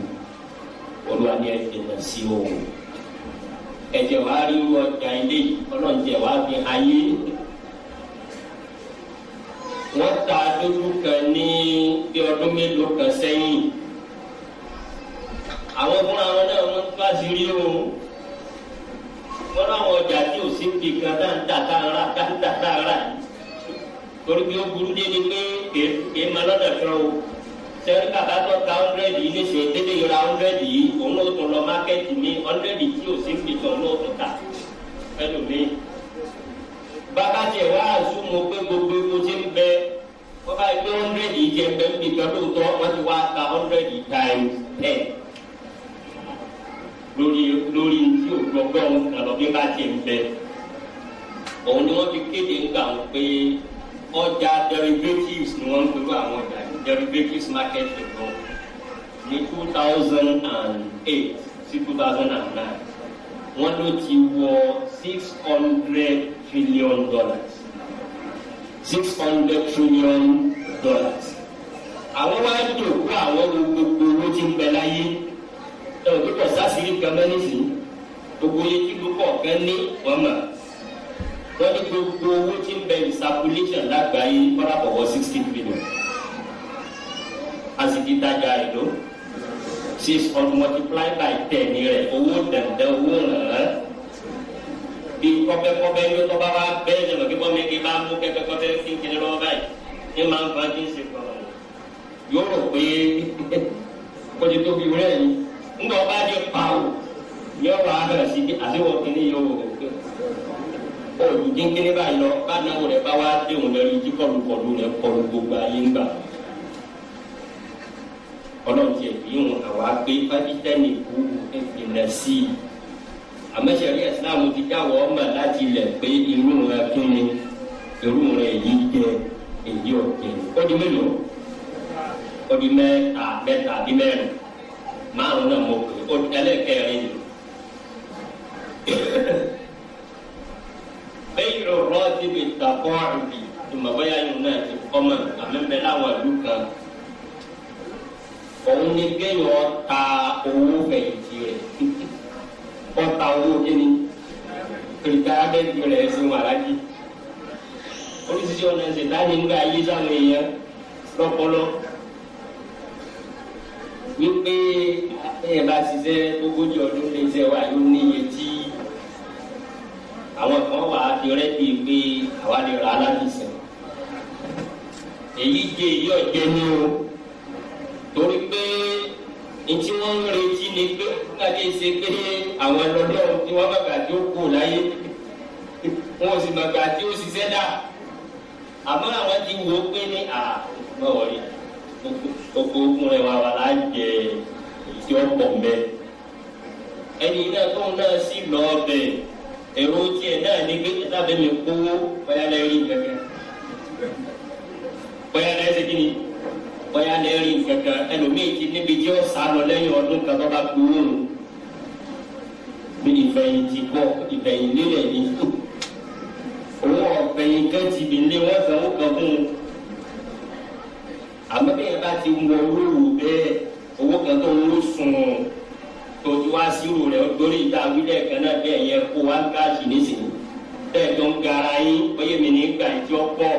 olúwa ní ẹsẹ̀ náà sí o ẹ̀jẹ̀ wàá rí ọjà ilé ọlọ́ọ̀jẹ̀ wàá fi ayé wọ́n ta lójú kan ní bí ọdún mélòó kan sẹ́yìn àwọn fúnra wọn náà wọ́n bá sí rí o wọ́n láwọn ọjà tí ò sí fi kan dáńtà tá a rà dáńtà tá a torí bí ó burú dé ni pé kèé máa lọ́dọ̀ fún o sẹ́yìn bàbá tó ta hundred yìí léṣe délé ra hundred yìí òun ló tún lọ mákẹ́tì mi hundred tí ò sí fi kan ló ta fẹ́ lómi bàbá tiẹ̀ wá àzúmọ̀ pé gbogbo epo ti ń bẹ wọ́n bá yẹ pé hundred yìí jẹ́ bẹ́ẹ̀ níbi kan wọ́n ti wá ta hundred yìí times ten lórí lórí tí ò gbọ́gbọ́ ọ̀dọ́gbé bá ti ń bẹ òun ni wọ́n fi kéde ńgbà wọn pé ọjà derivatives ni wọ́n ń pẹ̀lú àwọn ọjà derivatives market nìkan ní two thousand and eight sí two thousand and nine wọ́n ló ti wọ six hundred trillion dollars six hundred trillion dollars. àwọn wá dòkú àwọn gbogbo owó tí ń bẹ láyé ẹ ò dúpọ̀ sásìrì kan mẹ́nìsì gbogbo yẹn tí gbogbo ọ̀kan ní ọmọ wọ́n ní gbogbo owó tí ń bẹ ìsapulation lágbàáyé kọ́lábọ̀wọ́ sixteen billion asìkí dájà ìlú six hundred multiply by ten rẹ̀ owó dẹ̀ndẹ̀ owó rẹ̀ rẹ̀ bí kọ́bẹ́kọ́bẹ́ yóò tọ́ba wa bẹ́ẹ̀ lọ́nà bí wọ́n mẹ́kẹ́ bá mú kẹ́kẹ́kọ́bẹ́ sí kiri lọ́wọ́ báyìí ní máa ń fa kí n ṣe kàn án yóò rò pé kọ́jú tóbi rẹ̀ yìí ńgbà ọba jẹ pàwọ́ yóò wá bẹ̀rẹ̀ sí bí àṣewọ̀ kìíní yóò wò ó òòlù dínkìní báyìí lọ bá náwó rẹ̀ bá wá déhùn lẹ́rú tí kọlùkọlù rẹ̀ kọlù gbogbo ayé ń gbà ọlọ́run tiẹ̀ fi hàn àwa pé fájítẹ́nì kú ẹ̀fìnà sí i àmọ́sẹ̀rí islam ti dáwọ́ ọmọ láti ilẹ̀ pé irú rẹ kíni irú rẹ yìí jẹ èyí ọ̀jẹ̀ ọdí mélòó ọdí mẹ́ta mẹ́ta àbí mẹ́rin márùn náà mo pè ọdí ẹlẹ́kẹ̀rin bẹ́ẹ̀ rọ̀ ti bi takọ́ àrùbí ìmọ̀bọ́yá yìí náà ti kọ́mọ àmẹ́mẹ́ láwọn ìlú kan òun ni kéèyàn ta owó fẹ̀yìntì rẹ̀ títí wọn ta owó kíni pèrèkàbẹ gbẹrẹ ẹsìn wà láti oríṣiríṣi ọ̀nà ẹsẹ̀ táyé nígbà ayé sáwọn èèyàn lọ́pọlọ wípé ẹ bá ṣiṣẹ́ ogójì ọdún lè ṣe wà yóò ní iye tí àwọn kan wà á fi rẹ́ẹ̀dì pé àwa lè rà láti sìn èyí jẹ èyí ọ̀jẹ̀ ni o torí pé ntí wọn ń retí ni pé nígbà tí ṣe pé àwọn ẹlọdọ tí wọn bá gbàdí ó kú láyé wọn ò sì mọ gbàdí ó ṣiṣẹ́ dà àmọ́ àwọn ti wò ó pé ní à mọ wọlé gbogbo ogun rẹ wà wà láà jẹ ìṣe ọ̀pọ̀ mẹ ẹni náà tóun náà sì lọ ọbẹ èrò tiẹ̀ náà ní pé ẹ̀ta bẹ́ẹ̀ mi kówó bóyá lẹ́yìn kẹ̀kẹ́ bóyá lẹ́yìn ṣe bóyá lẹ́rìí nǹkankan ẹlòmíì ti níbi tí ó sá lọ lẹ́yìn ọdún kan tó bá gbowó o bí ìfẹ̀yìntì bọ̀ ìfẹ̀yìntì lẹ̀ ní fún òun ọ̀fẹ̀yìn kan ti bì lé wọ́n sanwó kan fún un àmọ́ bí yẹn bá ti wọ olówó bẹ́ẹ̀ owó kan tó ń lò sùn tó ti wá sírò rẹ̀ lórí ìta wílẹ̀ kan náà bẹ́ẹ̀ yẹn kó wá ń káàsì nísìnyí bẹ́ẹ̀ tó ń gara yín bóyá mi ní gbà ìjọ pọ̀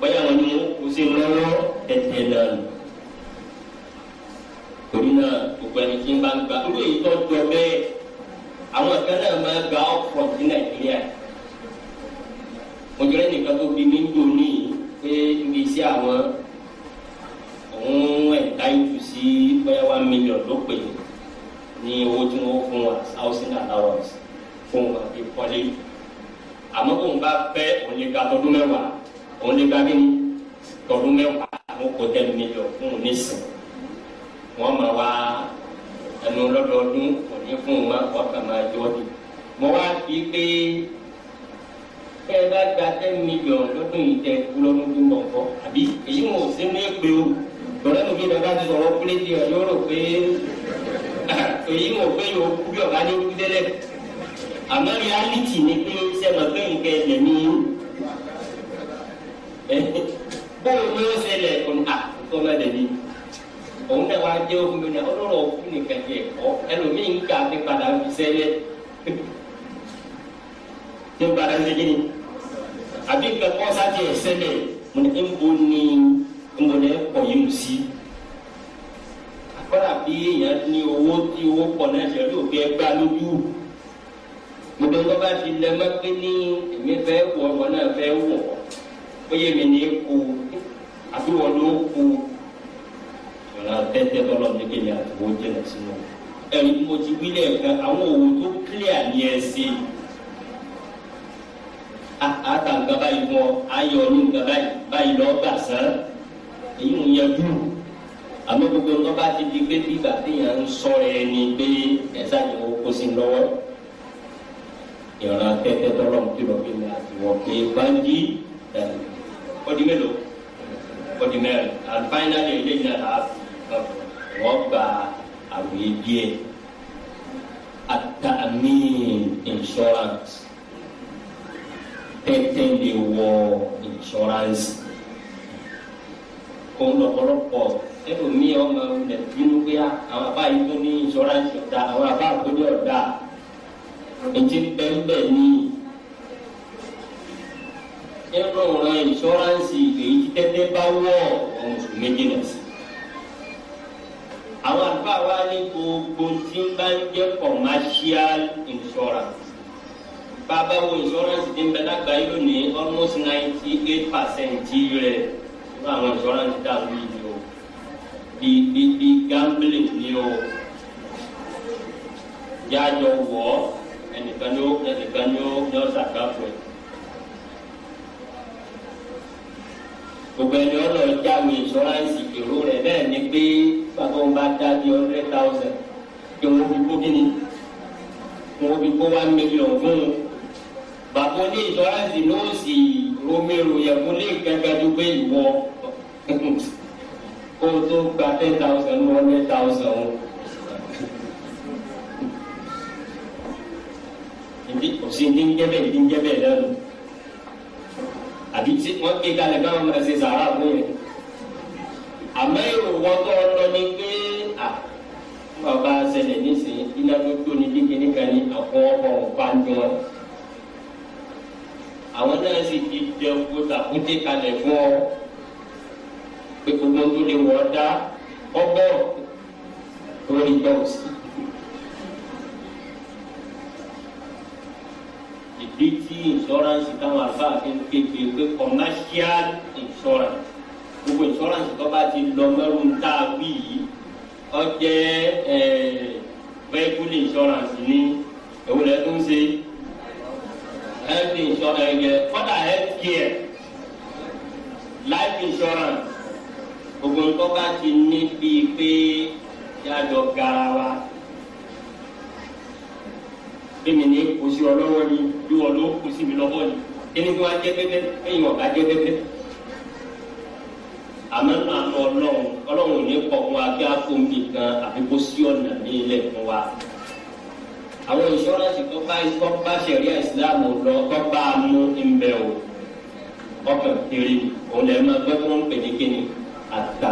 bóyá wọn ni wọn kú sí lọ́wọ́ tẹ̀tẹ̀ náà nù. torí náà gbogbo ẹni tí ń bá ń gba irú èyí tó jọ bẹ́ẹ̀ àwọn kan náà máa gba ọ̀pọ̀ sí nàìjíríà. mo jẹ́ nìkan tó fi mí ń dùn ní pé ibi iṣẹ́ àwọn òun ẹ̀ka ìtù sí bóyá one million ló pè ní owó tí wọ́n fún wa housing allowance fún wa ìkọ́lé àmọ́ kò ń bá fẹ́ òun lè ga tọdún mẹ́wàá òun ní gbàgbé mu tọdún mẹ́wàá àwọn kò tẹ́lu mi lọ fún un nísìn wọ́n máa wá ẹnu lọ́dọọdún òní fún un máa kọ́ kà máa jọ bí. mo wá bí pé tẹ́ bá gba ten million lọ́dún yìí tẹ kú lọ́dún tó ń bọ̀ fọ́ àbí èyí wọn ò sí ní èpè tọ́lá mi bí bàbá ti sọ̀rọ̀ péréte ọ̀ rò pé [CLEARS THROAT] èyí wọn pé yóò kú bí ọ̀gá ní kú tẹ́lẹ̀ àmọ́ reality ni pé sẹ́mi ọ̀gbẹ́yìn kẹ́ ẹ̀ lẹ́ni yìí bóun ni ó ṣẹlẹ̀ ọ̀nà àtúntò náà lẹ́ni òun náà wá jẹ́ ohun mi náà ọlọ́rọ̀ òkú nìkan jẹ́ ẹ̀kọ́ ẹlòmíì ń fi padà fi sẹ́lẹ̀ ní padà ń segin ni àbí kẹ́kọ́ sáti ẹ̀ sẹ́lẹ̀ mo ní ń ní ń ní ẹ̀kọ́ yìí mu sí akọ́là bí èèyàn ní owó tí owó pọ̀ náà ṣe yóò fi ẹgbẹ́ lójú gbogbo ẹgbẹ́ bá fi lẹ́mọ́ pé ní èmi fẹ́ wọ̀ ọ̀gbọ́n náà fẹ́ wọ̀ ọ́ bóyá mi ní kú àbí o ló kú ìrọ̀lá tẹ́tẹ́ lọ́lọ́ ní kéde àtúwò jẹ́nà sínú ẹ̀rí mo ti wílẹ̀ kan àwọn òwò tó clear ní ẹ ṣe àtà nǹkan báyìí mọ ayọ̀ ní nǹkan báyìí báyìí lọ́ọ́ gbà sán èyí ń yẹ dúró àmọ́ gbogbo nǹkan ti di pé bíbà téèyàn ń sọ ẹ pé ẹ̀sà yẹn ó kó sí lọ́wọ́ ìrọ̀lá tẹ́tẹ́ lọ́lọ́ ní kéde àtúwò pé bá ń ọdún mélòó ọdún mẹ́rin and finally eléyìí náà la wọ́n insurance tẹ́tẹ́ lè insurance òun lọ́pọ̀lọpọ̀ ẹlòmíì ọmọ ilẹ̀ bínú pé àwọn àbá yìí tó insurance ọ̀dà àwọn àbá àkójọ ọ̀dà ètí bẹ́ẹ̀ nínú ọ̀rọ̀ ìṣọ́ránsì èyí tí tẹ́tẹ́ bá wọ̀ ọ̀ mùsùlùmí jìnnà sí. àwọn àgbà wa commercial insurance. bàbá insurance ti ń bẹ lágbàáyé almost ninety eight percent rẹ̀ nínú insurance tá a lóye ni o gambling ni o jájọ wọ̀ ẹnìkan ni ó ẹnìkan gbogbo ẹni ọlọ jáwé insurance èrò rẹ náà ni pé bàbá òun bá dá bí hundred thousand kí wọn fi kó kíni wọn fi kó one million fún un bàbá oní insurance ló sì romero yẹ fún lè kẹkẹ tó gbé ìwọ kó o tó gba ten thousand one hundred thousand o. ìdí kò sí ní ń jẹ́ bẹ́ẹ̀ ní ń jẹ́ bẹ́ẹ̀ lẹ́nu àbí tí wọ́n ké kalẹ̀ káwọn máa ṣe sàrà fún yẹn. àmọ́ èrò wọn tó ń lọ ni pé bàbá ṣẹlẹ̀ nísìnyí iná tó tó ní kékeré kan ní àwọn ọkọ̀ pàǹdù wọn. àwọn náà sì ti jẹ kótakúté kalẹ̀ fún ọ pé gbogbo tó lè wọ́n dá ọgbọ́n lórí gbọ́n bí tí insurance táwọn àlùfáà fi ń kéde pé commercial insurance gbogbo insurance tó bá ti lọ mẹ́rù ń tà wí yìí insurance ní health insurance kọ́dà health care life insurance gbogbo nǹkan bá ti ní bíi èmi ní kò sí ọ lọ́wọ́ ni bí wọ́n ló kò sí mi lọ́wọ́ ni ẹni tí wọ́n jẹ́ tẹ́tẹ́ ẹ̀yin ọ̀gá jẹ́ tẹ́tẹ́. àmọ́ àánú ọlọ́run ọlọ́run ò ní kọ̀ fún wa kí á fún mi gan àfi kó sí ọ̀nà ní ilẹ̀ fún wa. àwọn ìṣọ́ràṣì tó bá tó bá ìsìláàmù lọ tó bá a mú ìmbẹ̀ o ọkàn kiri òun lè máa gbẹ́ fún pèdékè ni àtà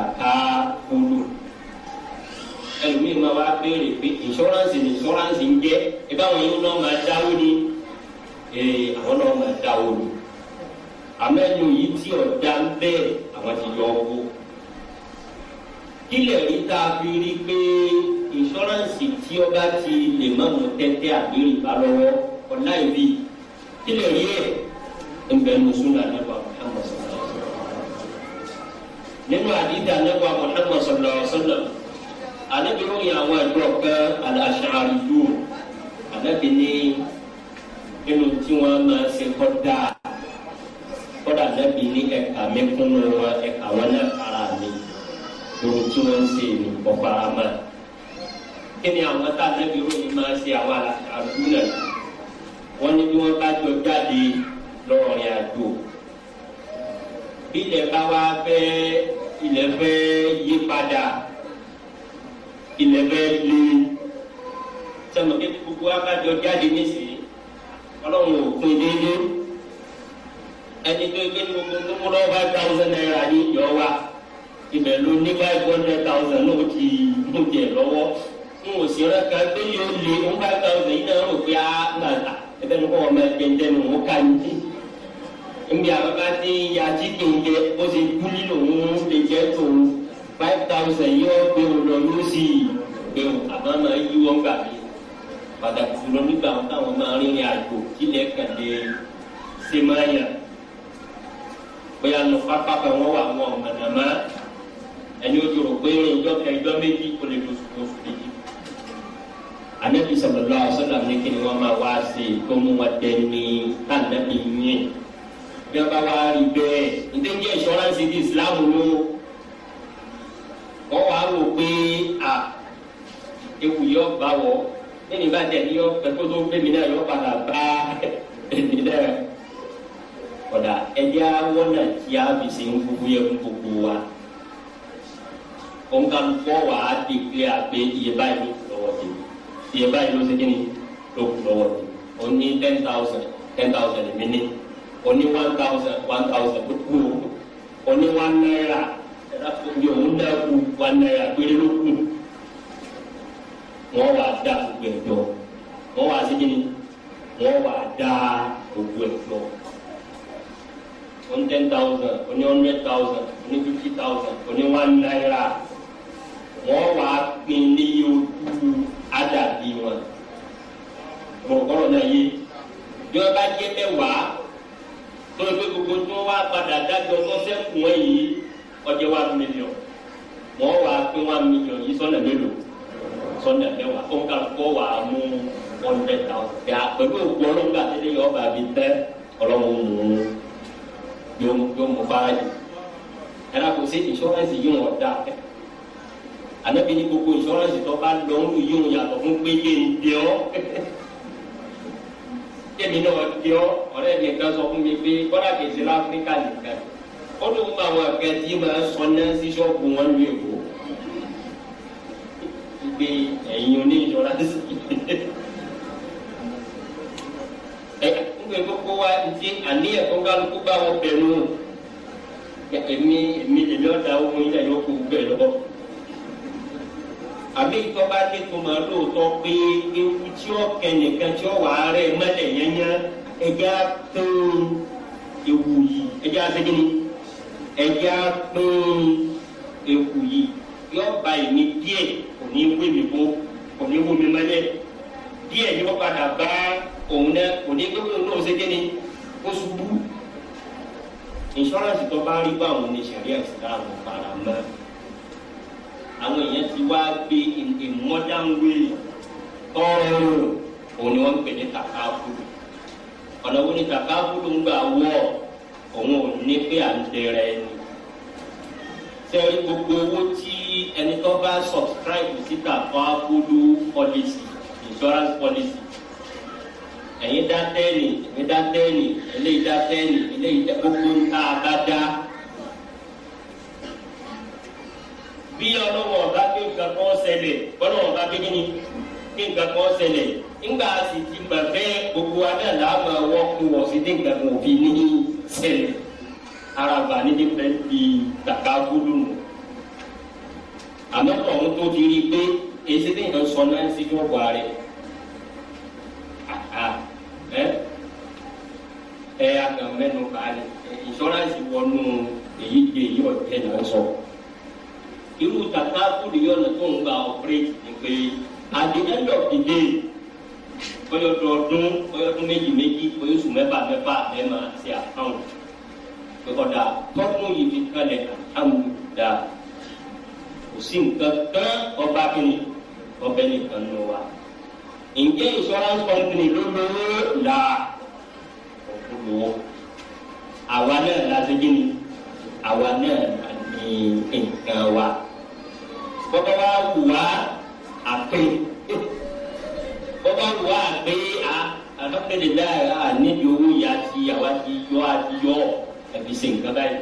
béèrè pé insurance ni insurance ń jẹ́ ẹ báwọn yóò náà máa dáwó ni ee àwọn náà máa dáwó ni àmẹ́nu yìí tí ọ̀dà ń bẹ́ẹ̀ àwọn ti yọ owó kílẹ̀ rí tá a fi rí pé insurance tí ọba ti lè má mú tẹ́tẹ́ àbí rìbá lọ́wọ́ ọ̀nà ìbí kílẹ̀ rí ẹ̀ nbẹnu sunna nípa muhammad sallallahu alaihi wa sallam nínú àdìdá nípa muhammad sallallahu alaihi wa sallam anabi ròyìn àwọn ẹ̀dọ́ kan aláṣàárì yóò anabi ní nínú tí wọ́n máa ṣe kọ́dà kọ́dà anabi ní ẹ̀ka mẹ́kúnnú wọn ẹ̀ka wọn náà ara mi lórí tí wọ́n ń ṣe ní ọ̀pá àmà kí ni àwọn tá anabi ròyìn máa ṣe àwọn aláṣàárì yóò náà wọ́n ní bí wọ́n jáde lọ́rọ̀ rìn àjò ilẹ̀ bá wá fẹ́ ilẹ̀ fẹ́ ilẹ̀ bẹ́ẹ̀ lé sẹ́nu kí gbogbo akájọ jáde nísìnyí ọlọ́run ò pin déédéé ẹni tó gbé gbogbo tó múlò five thousand naira ní ìjọ wa ibẹ̀ ló ní five hundred thousand náà ti mú jẹ lọ́wọ́ n ò sí rẹ kan pé yóò lé one five thousand yìí náà rò pé á ah, gbàgbà ẹgbẹ́ mi kọ́ ọmọ ẹgbẹ́ ńjẹ́ mi ò ká ní tí nbí àwọn bá ní yàtí kéńjẹ ó ti kú nílò òun lè jẹ́ tòun five thousand yóò gbé wọn lọ yóò sì gbé wọn àmọ́ máa yí wọn gbà mí pàtàkì jùlọ nígbà wọn táwọn máa rìnrìn àjò kílẹ̀ kàdé sèmáyà bóyá lọ pápá kan wọ́n wà wọn ọ̀mọ̀nàmá ẹni o jòrò pé ìjọ kẹjọ méjì kò lè lóṣù lóṣù méjì. anabi sọlọlọ asọlọ ní kí ni wọn máa wá sí i tó mú wọn dẹni tànàbí yẹn bí wọn bá wá rí bẹ́ẹ̀ ǹdẹ́ jẹ́ ìṣọ́ránsì ti ìsìláàmù ló wò pé à ewu yọ bá wọ ẹni bá tẹ̀ ní yọ pẹ̀lú tó bẹ́mi náà yọ padà bá ẹni náà kọ̀dà ẹdí awọ́ náà tí a fi ṣe ń gbogbo yẹ ń gbogbo wa ònkàlùkọ́ wà á ti kílẹ̀ àgbẹ̀ iye báyìí ló kù lọ́wọ́ tèmi iye báyìí ló ṣe ni ló kù lọ́wọ́ tèmi ó ní ten thousand ten thousand mi ní ó ní one thousand one thousand tó kú ní one naira ẹ̀rọ fún mi dákú wa náírà péré ló kù wọ́n wà dá gbogbo ẹ̀ jọ wọ́n wà sí ni wọ́n wà dá gbogbo ẹ̀ jọ ten thousand oní hundred thousand oní fifty thousand oní one náírà wọ́n wà pín ní ojú ádàbí wọn mọ̀kọ́rọ̀ náà yé bí wọ́n bá jẹ́ mẹ́wàá tó o pé gbogbo tí wọ́n wá padà dájọ́ tó sẹ́kùn wọ́n yìí ọjọ́ wa mílíọ̀nù wọ́n wá pé one million yìí sọ́nà mélòó sọ́nà mẹ́wàá ó ń ká kọ́ wà á mú one hundred thousand gà pẹ̀lú òkú ọlọ́gbà tẹ́lẹ̀ yọ ọba mi tẹ́ ọlọ́run mú un yóò mú fárájì ẹ̀rọ kò sí insurance yìí wọ́n dá anabi ní gbogbo insurance tó bá lọ ń lu yìí wọ́n fún pé yé ń di ọ́ kémi náà di kan sọ fún mi pé kọ́dà kejì láfíríkà nìkan ó ní gbogbo àwọn akẹ́tì máa sọ náà sí ṣọ́ọ̀bù wọn ní èkó gbé ẹ̀yin oní ìjọra sí ẹ ńgbẹ gbogbo wa ti àníyàn tó bá lóko bá wọn bẹ̀ nù èmi èmi èmi ọ̀dà ohun ilẹ̀ yóò kó gbẹ lọ́wọ́ àbí ìtọ́ bá dé tó máa lóòótọ́ pé ewu tí ó kẹnìkan tí ó wà á rẹ̀ mọ́lẹ̀ yẹn yẹn tó ewu yìí ẹja tó dé ẹ̀jẹ̀ á pín ewu yìí yóò ba èmi díẹ̀ kò ní wé mi bó kò ní wó mi mẹ́lẹ̀ díẹ̀ yóò padà bá òun náà kò ní gbé òun náà ṣe kéde kó ṣubú insurance tó bá rí báwọn ní sẹ̀ríà ìsìláàmù fara mọ́ àwọn èèyàn ti wá gbé a modern way tọrọ òun ni wọ́n ń pè ní kàkà ọ̀nà wo ni kàkà ń gbà wọ̀ òun ò ní pé à ń dẹrẹ ẹni sẹ́rí gbogbo owó tí ẹni tó bá subscribe síta fún akúlú policy insurance policy ẹ̀yin dá tẹ́ẹ̀nì ẹ̀yin dá tẹ́ẹ̀nì eléyìí dá tẹ́ẹ̀nì eléyìí dá gbogbo ń tá a bá dá. bí ọlọ́wọ́ ọba gbé nǹkan kan ṣẹlẹ̀ bọ́lá ọba gbé kíni gbé nǹkan kan ṣẹlẹ̀ nígbà sì ti mọ̀ bẹ́ẹ̀ gbogbo adé làwọn ọwọ́ kún wọ̀ sí dé nǹkan kan òfin níyì ṣẹlẹ̀ araba níbi fẹ́ fi gbàgbá gbólóhùn àmọ́ ọ̀hún tó ti rí i pé èsì tí ìyẹn sọ náà ń fi yọ̀ wá rẹ̀ ẹ ẹ àgàn mẹ́nu balẹ̀ wọnú èyí di èyí ọ̀tẹ̀ náà sọ irú tàkà kúrò yọ̀nà tó ń gba ọ̀pẹ́rẹ́tì ni pé at the end of the day bóyá ọdún bóyá ọdún méjì méjì bóyá oṣù mẹ́fà mẹ́fà ẹ̀ máa ṣe àkàwọn pé ọ̀dà tọ́kùn yìí fi kalẹ̀ àhàmùdà kò sí nǹkan kan ọba kìnnì ọbẹ̀ nìkan nù wa. ǹjẹ́ insurance company ló lówó là òkúlówó àwa náà la ṣe kí ni àwa náà la ní nǹkan wa. bọ́dọ̀ wa wù wá àpè bọ́bá wù á pé a àbákẹ́lẹ́ dára níbi owó yìí àti àwa ti yọ àti yọ ẹ̀fí ṣe nǹkan báyìí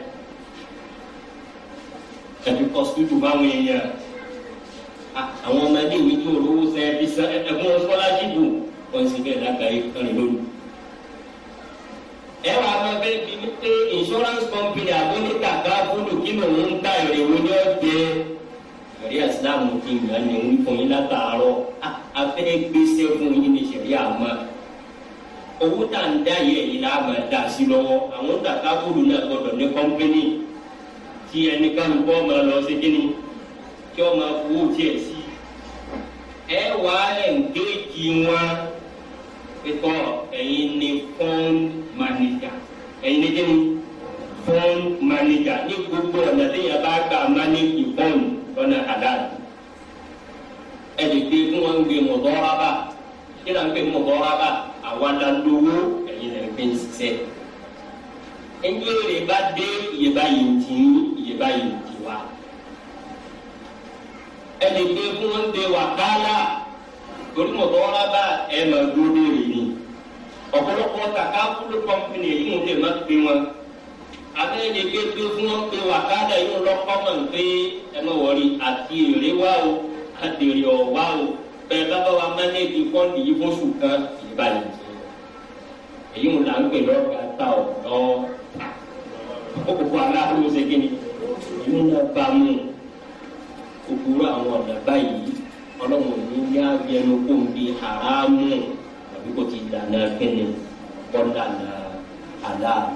ẹ̀fí kọ́ sùtù báwọn èèyàn àwọn ọmọdé ìwé tí olówó sẹ ẹbí sẹ ẹgbọn fọlájì bù wọn sì bẹ́ẹ̀ lágbàáyé kan lónìí. ẹ wàá fẹ́ bẹ́ẹ̀ bí wípé insurance company àbónítàkà fúlù kí lòun ń ta èrè wo sẹ̀ríà ìsìláàmù ti yàn ní wí fún yín látàárọ̀ afẹ́ gbèsè fún yín ní sẹ̀ríà mọ́ owó tá à ń dá yẹ yìí la máa dà sí lọ́wọ́ àwọn tàkà kúrú náà gbọdọ̀ ní kọ́mpínì tí ẹni kálukọ́ máa lọ sí kíni tí wọ́n máa fowó tiẹ̀ sí ẹ wá ẹ̀ǹgéèjì wọn pẹ̀tọ́ ẹ̀yin ni fund manager ẹ̀yin ni kíni fund manager ní gbogbo ọ̀nà tí yẹn bá gbà manage fund lọ́nà halal ẹ̀dì pé kí wọ́n ń gbé mọ̀tọ́rábà kí là ń gbé mọ̀tọ́rábà àwa la lówó ẹ̀yin lè gbé ṣiṣẹ́ ńgbèrè bá dé iye báyìí tì í iye báyìí tì wá ẹ̀dì pé kí wọ́n ń gbé wàkálà torí mọ̀tọ́rábà ẹ̀ máa dúró lórí ni ọ̀pọ̀lọpọ̀ takafulu kọ́mpìnì yìí ń lè má gbé wọn abẹ́rẹ́ gbé pé fún wọn pé wàkàdà yóò lọ́kọ́ mọ̀ pé ẹ mọ̀ wọ̀rí àti èrè wá o àti èrè ọ̀wá o bẹ́ẹ̀ bàbá wa mánéèjì fọ́ǹdì yìí fóṣù kan ìbàlẹ̀ èyí ń là ń pè lọ́ọ̀gá ta ọ̀dọ́ òkùnkùn aláàbò ṣe kí ni èyí ń bá mú òkúrò àwọn ọ̀dà báyìí ọlọ́run ní ní abẹ́nu kò ń bi haramu àbí kò ti dànù kí ni kọ́ dànù aláàbò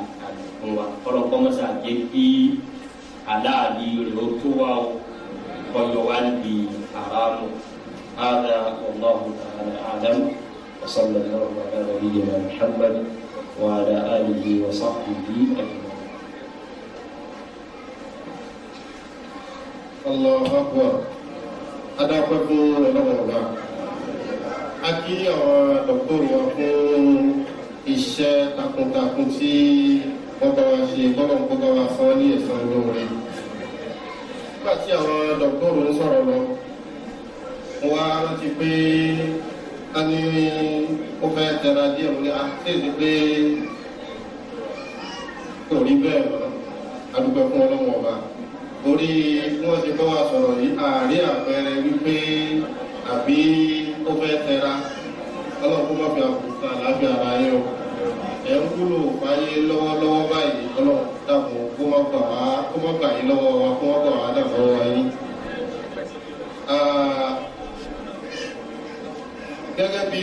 fún wa kọlọ kọmọsà jẹ kí aláàbí rẹ ó tó wa o kọyọ wa níbi haramu hada wallahu ta'ala a'lam wa sallallahu ala nabiyyina muhammad wa ala alihi wa sahbihi ajma'in. Allahu akbar adáwọ̀pẹ́ fún ọlọ́wọ̀lá a kí àwọn dọ̀kítọ́rù wa fún iṣẹ́ takuntakun tí bọ́bá wa ṣe bọ́bá ń bọ́bá wa san ní ẹ̀san olóore. nígbà tí àwọn dọ̀kítọ́rù ń sọ̀rọ̀ lọ mo wá rántí pé a ní ó fẹ́ tẹra díẹ̀ mo ní àtẹ́sí ah, pé kò rí bẹ́ẹ̀ mọ́ adúgbò fún ọlọ́wọ́n ọba orí wọ́n àbí ó fẹ́ tẹra ọlọ́run kó má fi àbùkù àlàáfíà ara yẹn o ẹ̀ ń wúlò fáyé lọ́wọ́lọ́wọ́ báyìí ọlọ́run dàpọ̀ kó má gbà wá kó má gbà yín lọ́wọ́ wa kó má gbà wá dàpọ̀ wá yín. gẹ́gẹ́ bí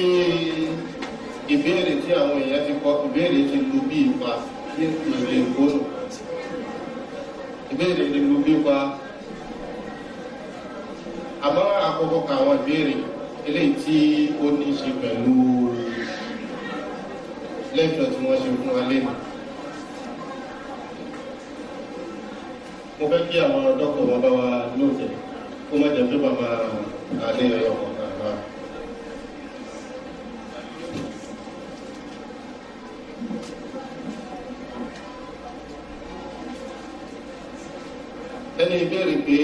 ìbéèrè tí àwọn èèyàn ti kọ́ ìbéèrè ti lu bí ipa ní ìlú ìgbónú ìbéèrè ti lu bí ipa àmọ́ àkọ́kọ́ ka ìbéèrè eléyìí tí ó ní í ṣe pẹ̀lú lẹ́jọ́ tí wọ́n ṣe fún wa lẹ́nu. a fẹ́ kí àwọn dọ́kọ̀ wọn bá wa lóòjẹ́ kó má jẹ́ pé bàbá àlẹ́ ẹ̀yọ̀ kọ̀ọ̀kan náà. ẹni ìbéèrè pé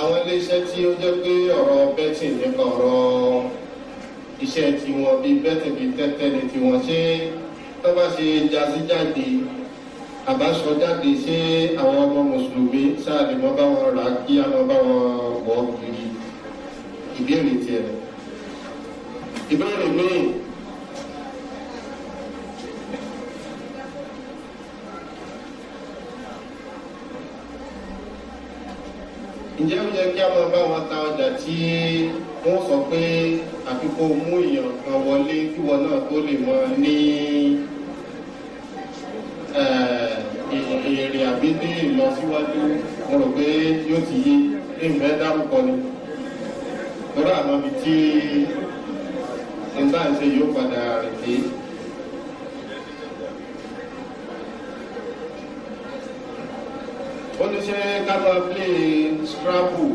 àwọn iléeṣẹ́ tí ó jẹ́ pé ọ̀rọ̀ betting nípa ọ̀rọ̀ iṣẹ́ tiwọn bíi bẹ́tẹ̀ bíi tẹ́tẹ́ ni tiwọn ṣé tó bá ṣe jazíjáde àbáṣọjáde ṣé àwọn ọmọ mùsùlùmí sáàdì mọ́ bá wọn rà kí àwọn bá wọn wọ̀ kiri ìbéèrè tiẹ̀ ìbéèrè míì. ǹjẹ́ ó yẹ kí a máa bá wọn ta ọjà tí wọ́n sọ pé àfi kó mú èèyàn kan wọlé kí wọn náà tó lè mọ ní èrè àbí ní ìlọsíwájú mo rò pé yóò ti yé ní ìfẹ́ dárúkọ ni lórí àwọn ibi tí nígbà ṣe yóò padà rìn dé. ó ní ṣe ká máa play scrabble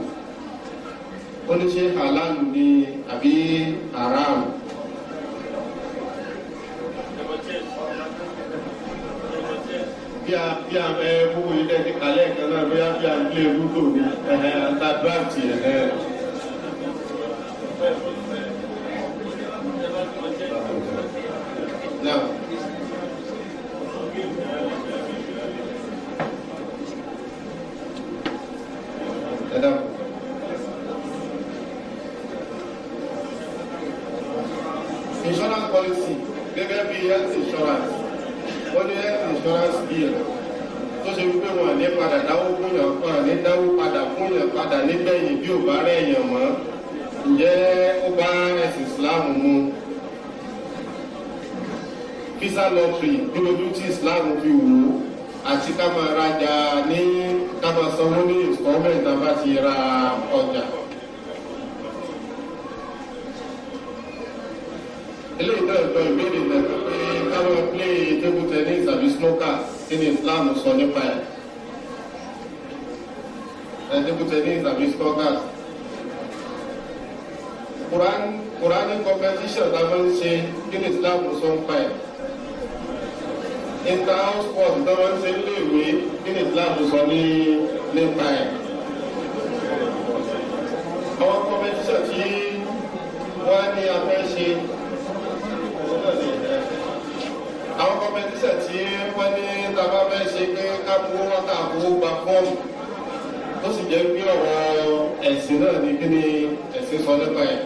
ó ní ṣe hàlálù ní àbí haram. bí a bí a ẹ gbogbo yìí dẹ́ ti kalẹ̀ kan náà bí a bí a ń lé ewúro ní ẹ̀ ẹ̀ àtàgbà tiẹ̀ ẹ̀. visa lottery ní ojú tí islam fi wò ó àti ká máa rajà ní ká máa sanwó ní installment tá a bá ti ra ọjà. eléyìí náà lọ ìbéèrè lẹ́nu pé ká máa play table tennis àbí snooker kí ni islam sọ nípa ẹ̀ ẹ̀ẹ́dẹ́gbẹ̀tẹ̀lẹ́ tàbí stalkers. Quran Quran competition la máa ń ṣe kí ni Islam sọ ń ẹ̀ inter sport tó máa ń ṣe nílé ìwé kí ni Islam sọ ní nípa ẹ̀. àwọn competition tí wọ́n ní afẹ́ ṣe àwọn competition tí wọ́n ní tàbá fẹ́ ṣe pé káàbù wọn káàbù gba fọ́ọ̀mù tó sì jẹ́ bí ọ̀rọ̀ ẹ̀sìn náà ní kí ẹ̀sìn sọ nípa ẹ̀.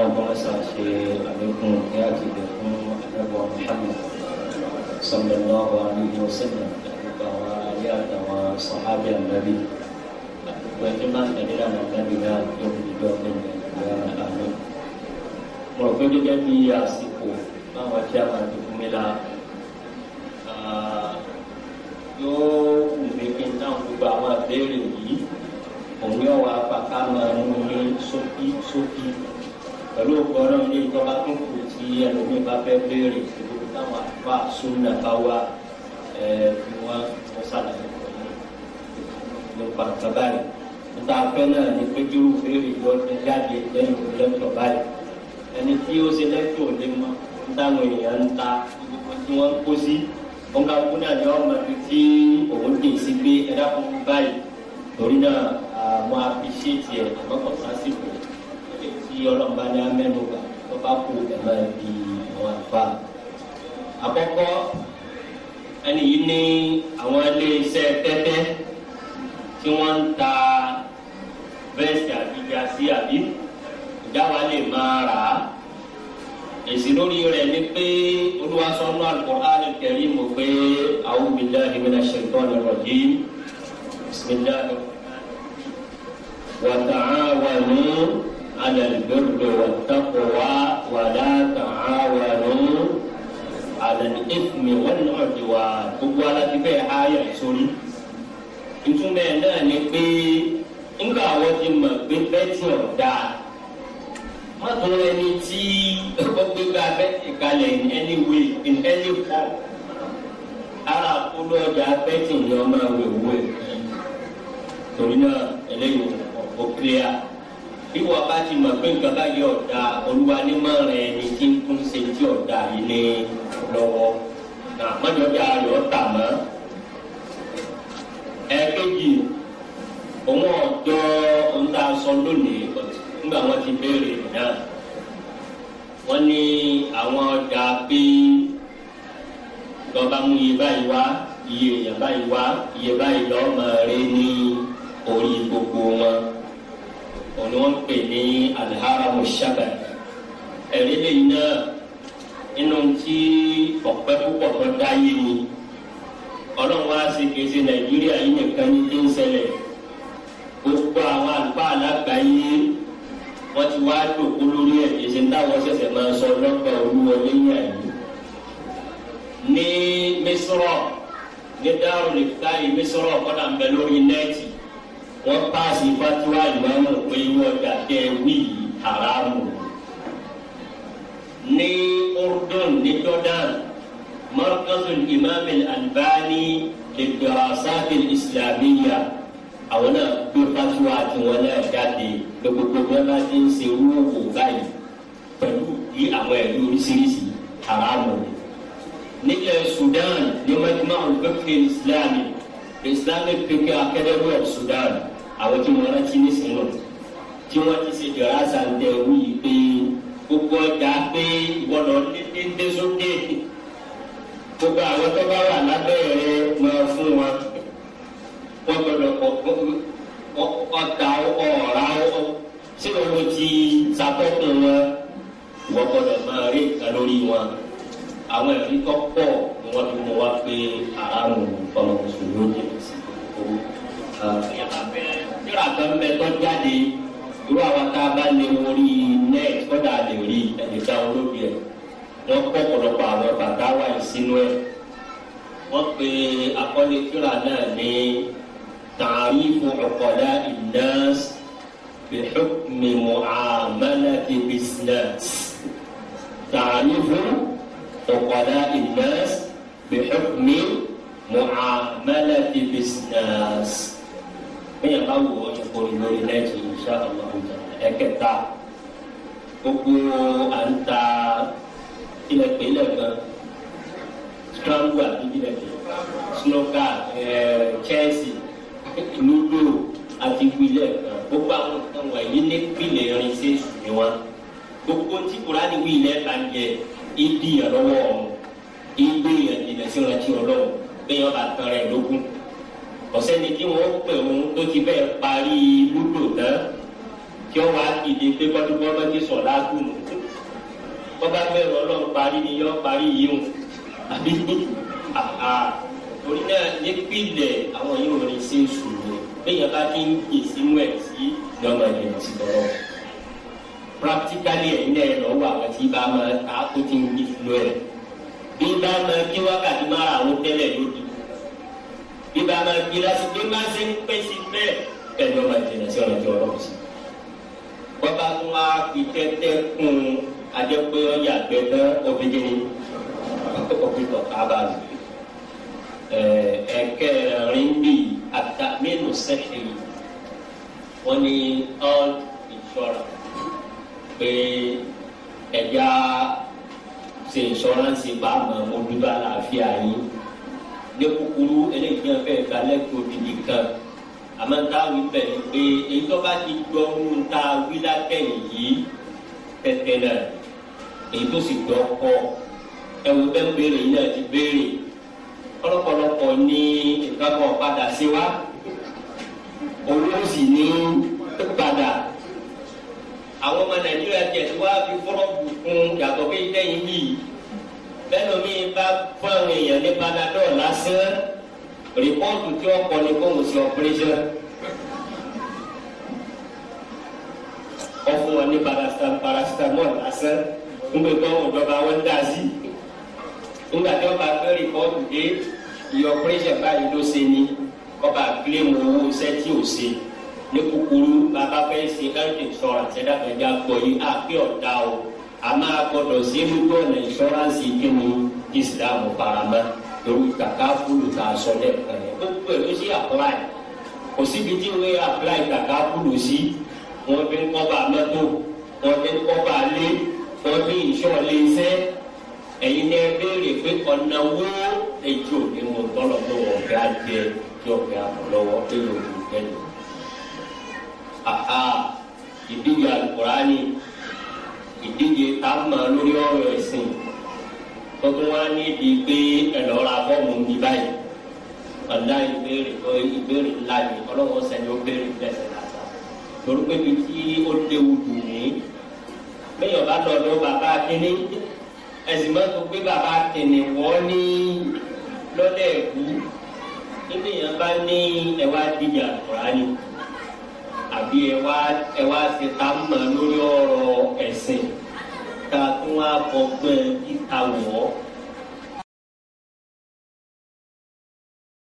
ọlọ́run kọ́ mẹ́sà ṣe àlékún ní àjèjì fún Muhammad sallallahu alaihi wasallam àdúgbò àwọn alẹ́ àtàwọn sàhábì ànábì àdúgbò ẹjọ́ máa ń tẹ̀lé lànà ànábì náà tó fi jọ ọ̀gbìn ìgbà àná. mo rò pé gẹ́gẹ́ bí àsìkò pẹ̀lú òkú ọlọ́run ní ìtọ́ bá tún kù tí ẹlòmíín bá fẹ́ béèrè ìdókòwò táwọn àfa súnà bá wá bí wọ́n wọ́n ṣàlàyé pẹ̀lú nípa nǹkan báyìí nípa afẹ́ náà ní péjú béèrè lọ́dún jáde lẹ́yìn lẹ́tọ̀ báyìí ẹni tí ó ṣe lẹ́tọ̀ ò lè mọ ń táwọn èèyàn ń ta tí wọ́n kó sí wọn ká kú náà ní ọmọ ibi tí òun dè sí pé ẹ dákun báyìí torí náà àwọn afiṣẹ́ tiẹ̀ àmọ́kọ̀ọ́sásìkò tí ọlọ́mọba ní amẹ́nu bá tó bá kú ẹ̀ máa di àwọn àfa. àkọ́kọ́ ẹni yìí ní àwọn iléeṣẹ́ tẹ́tẹ́ tí wọ́n ń ta vẹ́ẹ̀sì àti gàásì àbí ìdáwà lè máa rà á. èsì lórí rẹ̀ ni pé olúwa sọ́nù al-Qur'an al-Karim mọ̀ pé a'udhu billahi minash shaitanir rajim bismillah wa ta'awanu. على البر والتقوى ولا تعاونوا على الإثم والعدوان gbogbo alátìfẹ́ àyà ìsórí ìtumọ̀ ẹ̀ náà ni pé nígbà àwọn ti mọ̀ pé bẹ́tì ọ̀dà mọ́tò ẹni tí ó gbé gba bẹ́tì kalẹ̀ in any way in any form ara kúló ọjà bẹ́tì ni ọmọ ìwé owó ẹ̀ torí náà eléyìí ó clear bí wọn bá ti mọ̀ pé nǹkan báyìí ọ̀dà olúwa ní mọ̀ràn ẹni tí ń kún ṣe tí ọ̀dà yìí ní lọ́wọ́ náà mọ́jọ́jà ayọ̀ tà mọ́. ẹ̀ẹ́dẹ́gì òun ọ̀dọ́ ohun tá a sọ lónìí nígbà wọn ti béèrè náà wọ́n ní àwọn ọ̀dà pé lọ́ba iye báyìí wá iye èèyàn báyìí wá iye báyìí lọ́ọ́ mọ̀ rí ní orí gbogbo wọn òun ni wọ́n ń pè ní aliharamu shaba ẹ̀rí lẹ́yìn náà nínú tí ọ̀pẹ́ púpọ̀ tó dá yé ni ọlọ́run wá sí kése nàìjíríà yìí nìkan ní tí ń ṣẹlẹ̀ gbogbo àwọn àlùfáà alágbàáyé wọ́n ti wá dòkó lórí ẹ̀ kése táwọn ṣẹ̀ṣẹ̀ máa sọ lọ́gbà olúwọlé ní àyè ní mísírọ̀ ní dáhùn lè ká yìí mísírọ̀ ń bẹ lórí nẹ́ẹ̀tì wọ́n paasi fatiwa ìmáàmù pé irú ọjà tẹ wíì haramu ní urdun ní jordan markazu imam albani lidarasat islamiyya àwọn náà gbé fatiwa tiwọn náà jáde gbogbo bẹ́ẹ̀ ti ń ṣe wúwo báyìí pẹ̀lú bí àwọn ẹ̀rí oríṣiríṣi haramu nílẹ̀ sudan ní majma'u fiqh islami islamic fiqh academy of sudan àwọn tí wọ́n rántí ní sinú tí wọ́n ti ṣe jọra sàǹtẹ̀ wí pé gbogbo ọjà pé gbọ́dọ̀ ní dẹ́sọ́dẹ́ gbogbo àwọn tó bá wà lábẹ́ rẹ máa fún wa wọ́n gbọ́dọ̀ kọ̀ ọ̀tà ọ̀ra ṣé gbogbo ti sàtọ́kùn wọn wọ́n gbọ́dọ̀ máa rí nǹkan lórí wọn àwọn ẹ̀rí tó pọ̀ ni wọ́n ti mú wa pé àárò ọmọ mùsùlùmí ò jẹ́ owó. tíra kan bẹ tó jáde irú àwọn tá a bá lé orí net kọ́dà lè rí ẹ̀dẹ̀dá olóbi ẹ̀ wọ́n kọ́ ọ̀pọ̀lọpọ̀ àwọn bàtà wà sínú ẹ̀ wọ́n pe akọ́lé tíra náà ní tààrífù ọ̀kọ̀dá ìnáṣ بحكم معاملة بزنس تعريف عقلاء الناس بحكم معاملة بزنس bẹ́ẹ̀ bá wù ọ́ yẹn kórè lórí lẹ́yìn insha Allah ẹ̀kẹta gbogbo à ń ta ilẹ̀kẹ̀ ilẹ̀kẹ̀ scramble àti ilẹ̀kẹ̀ snooker chelsea ludo àti gbilẹ̀ gbogbo àwọn kan wọ̀nyí ní gbilẹ̀ irin ṣe sùn ní wọn gbogbo tí kúránì wí ilẹ̀ bá jẹ ibi ìrànlọ́wọ́ ọ̀hún ibi ìrìnàjìnà sí ìrántí ọlọ́run bẹ́ẹ̀ yọba tán rẹ̀ lógún ọ̀sẹ́ni tí wọ́n pè òun tó ti bẹ́ẹ̀ parí lúdò náà kí wọ́n wá dìde pé bọ́dúbọ́dọ́ ti sọ̀ lágùn bọ́bá bẹ́ẹ̀ ọlọ́run parí ni yọ́ parí yìí o àbí àhà torí náà nípìnlẹ̀ àwọn yóò rìn sí ìṣòro bẹ́ẹ̀ bá ti ń gbè sínú ẹ̀ sí lọ́mọ ìdènà sí lọ́wọ́ practically ẹ̀yin náà lọ wà wọ́n ti bá máa ta kó ti ń gbé sínú ẹ̀ bí bá máa kí wákàtí máa àwọn tẹ́lẹ̀ lójú ibà máa bí lásìkò bí máa ṣe ń pè sí bẹ́ẹ̀ bẹ́ẹ̀ ni wọ́n máa jìnnà sí ọ̀nà tí ọlọ́run sí. wọ́n bá tún wá fi tẹ́tẹ́ kún adẹ́pẹ́ ọ̀yà insurance pé ẹ̀yà ṣe insurance bá a ní kúkúrú eléyìí náà fẹ́ẹ́ balẹ̀ tóbi nìkan àmọ́ tá a wí bẹ̀ ni pé èyí tó bá ti gbọ́ ohun tá a wí látẹ̀yìn yìí tẹ̀tẹ̀ náà èyí tó sì gbọ́ kọ́ ẹ̀wù bẹ́ẹ̀ béèrè yìí náà ti béèrè ọlọ́pọ̀lọpọ̀ ní ìkápọ̀ padà sí wa owó sì ní padà àwọn ọmọ nàìjíríà tiẹ̀ tí wàá fún yàtọ̀ pé ilé yìí bẹ́ẹ̀ lómi bá fún àwọn èèyàn ní panadol lásán rìpọ́ọ̀tù tí wọ́n kọ ni kó wọ́n ṣe ọ̀pẹ́rẹ́ṣẹ́. wọ́n fún wọn ní paracetamol lásán nígbà tó wọn ìjọba wọn dá sí nígbà tí wọ́n bá fẹ́ rìpọ́ọ̀tù dé ìyọ̀ ọ̀pẹ́rẹ́ṣẹ́ báyìí ló ṣe ni ọba àgbélẹ̀mọ̀ owó iṣẹ́ tí ò ṣe ní kúkúrú bàbá fẹ́ ṣe káyọ̀dé sọ̀rọ̀ àtẹ̀dá fẹ́ já gbọ́ yìí àgbẹ̀ ọ̀dà o a máa gbọdọ̀ sí lójú ọ̀nà ìṣọ́ránsì kí ni Islam faramọ́ lórí takafulu tá a sọ lẹ́ẹ̀kan yẹn gbogbo ẹ̀ ló sì apply kò síbi tí wọ́n apply takafulu sí wọ́n fi ń kọ́ba mọ́tò wọ́n fi ń kọ́ba lé wọ́n fi ìṣọ́ lé iṣẹ́ ẹ̀yin ní ẹ béèrè pé ọ̀nà wo ejò ni mo tọ́lọ̀ tó wọ̀ ọ̀gá jẹ kí ọ̀gá lọ́wọ́ kéwòn kẹlò. Àhà ìdíje àlùkòrá ni ìdíje tá a mọ̀ lórí ọ̀rọ̀ ẹ̀sìn tó tún níbi pé ẹ̀lọ́ra fọ́ọ̀mù ń di báyìí ọ̀dà ìbéèrè ìbéèrè ńlá ni ọlọ́wọ́ sẹ́ni ó béèrè bẹ́sẹ̀ lásán torí pé ibi tí ó léwu dùn ní bẹ́ẹ̀ ọba lọ́dọ̀ bàbá kínní ẹ̀sìn máa tó pé bàbá kínní wọ́n ní lọ́dẹ̀ ẹ̀kú níbi yẹn bá ní ẹ̀wá dìjà kùránì àbí ẹ wá ẹ wá ṣe tá a mọ̀ lórí ọ̀rọ̀ ẹ̀sìn tá tún wá kọ́ gbẹ́ ìtawọ̀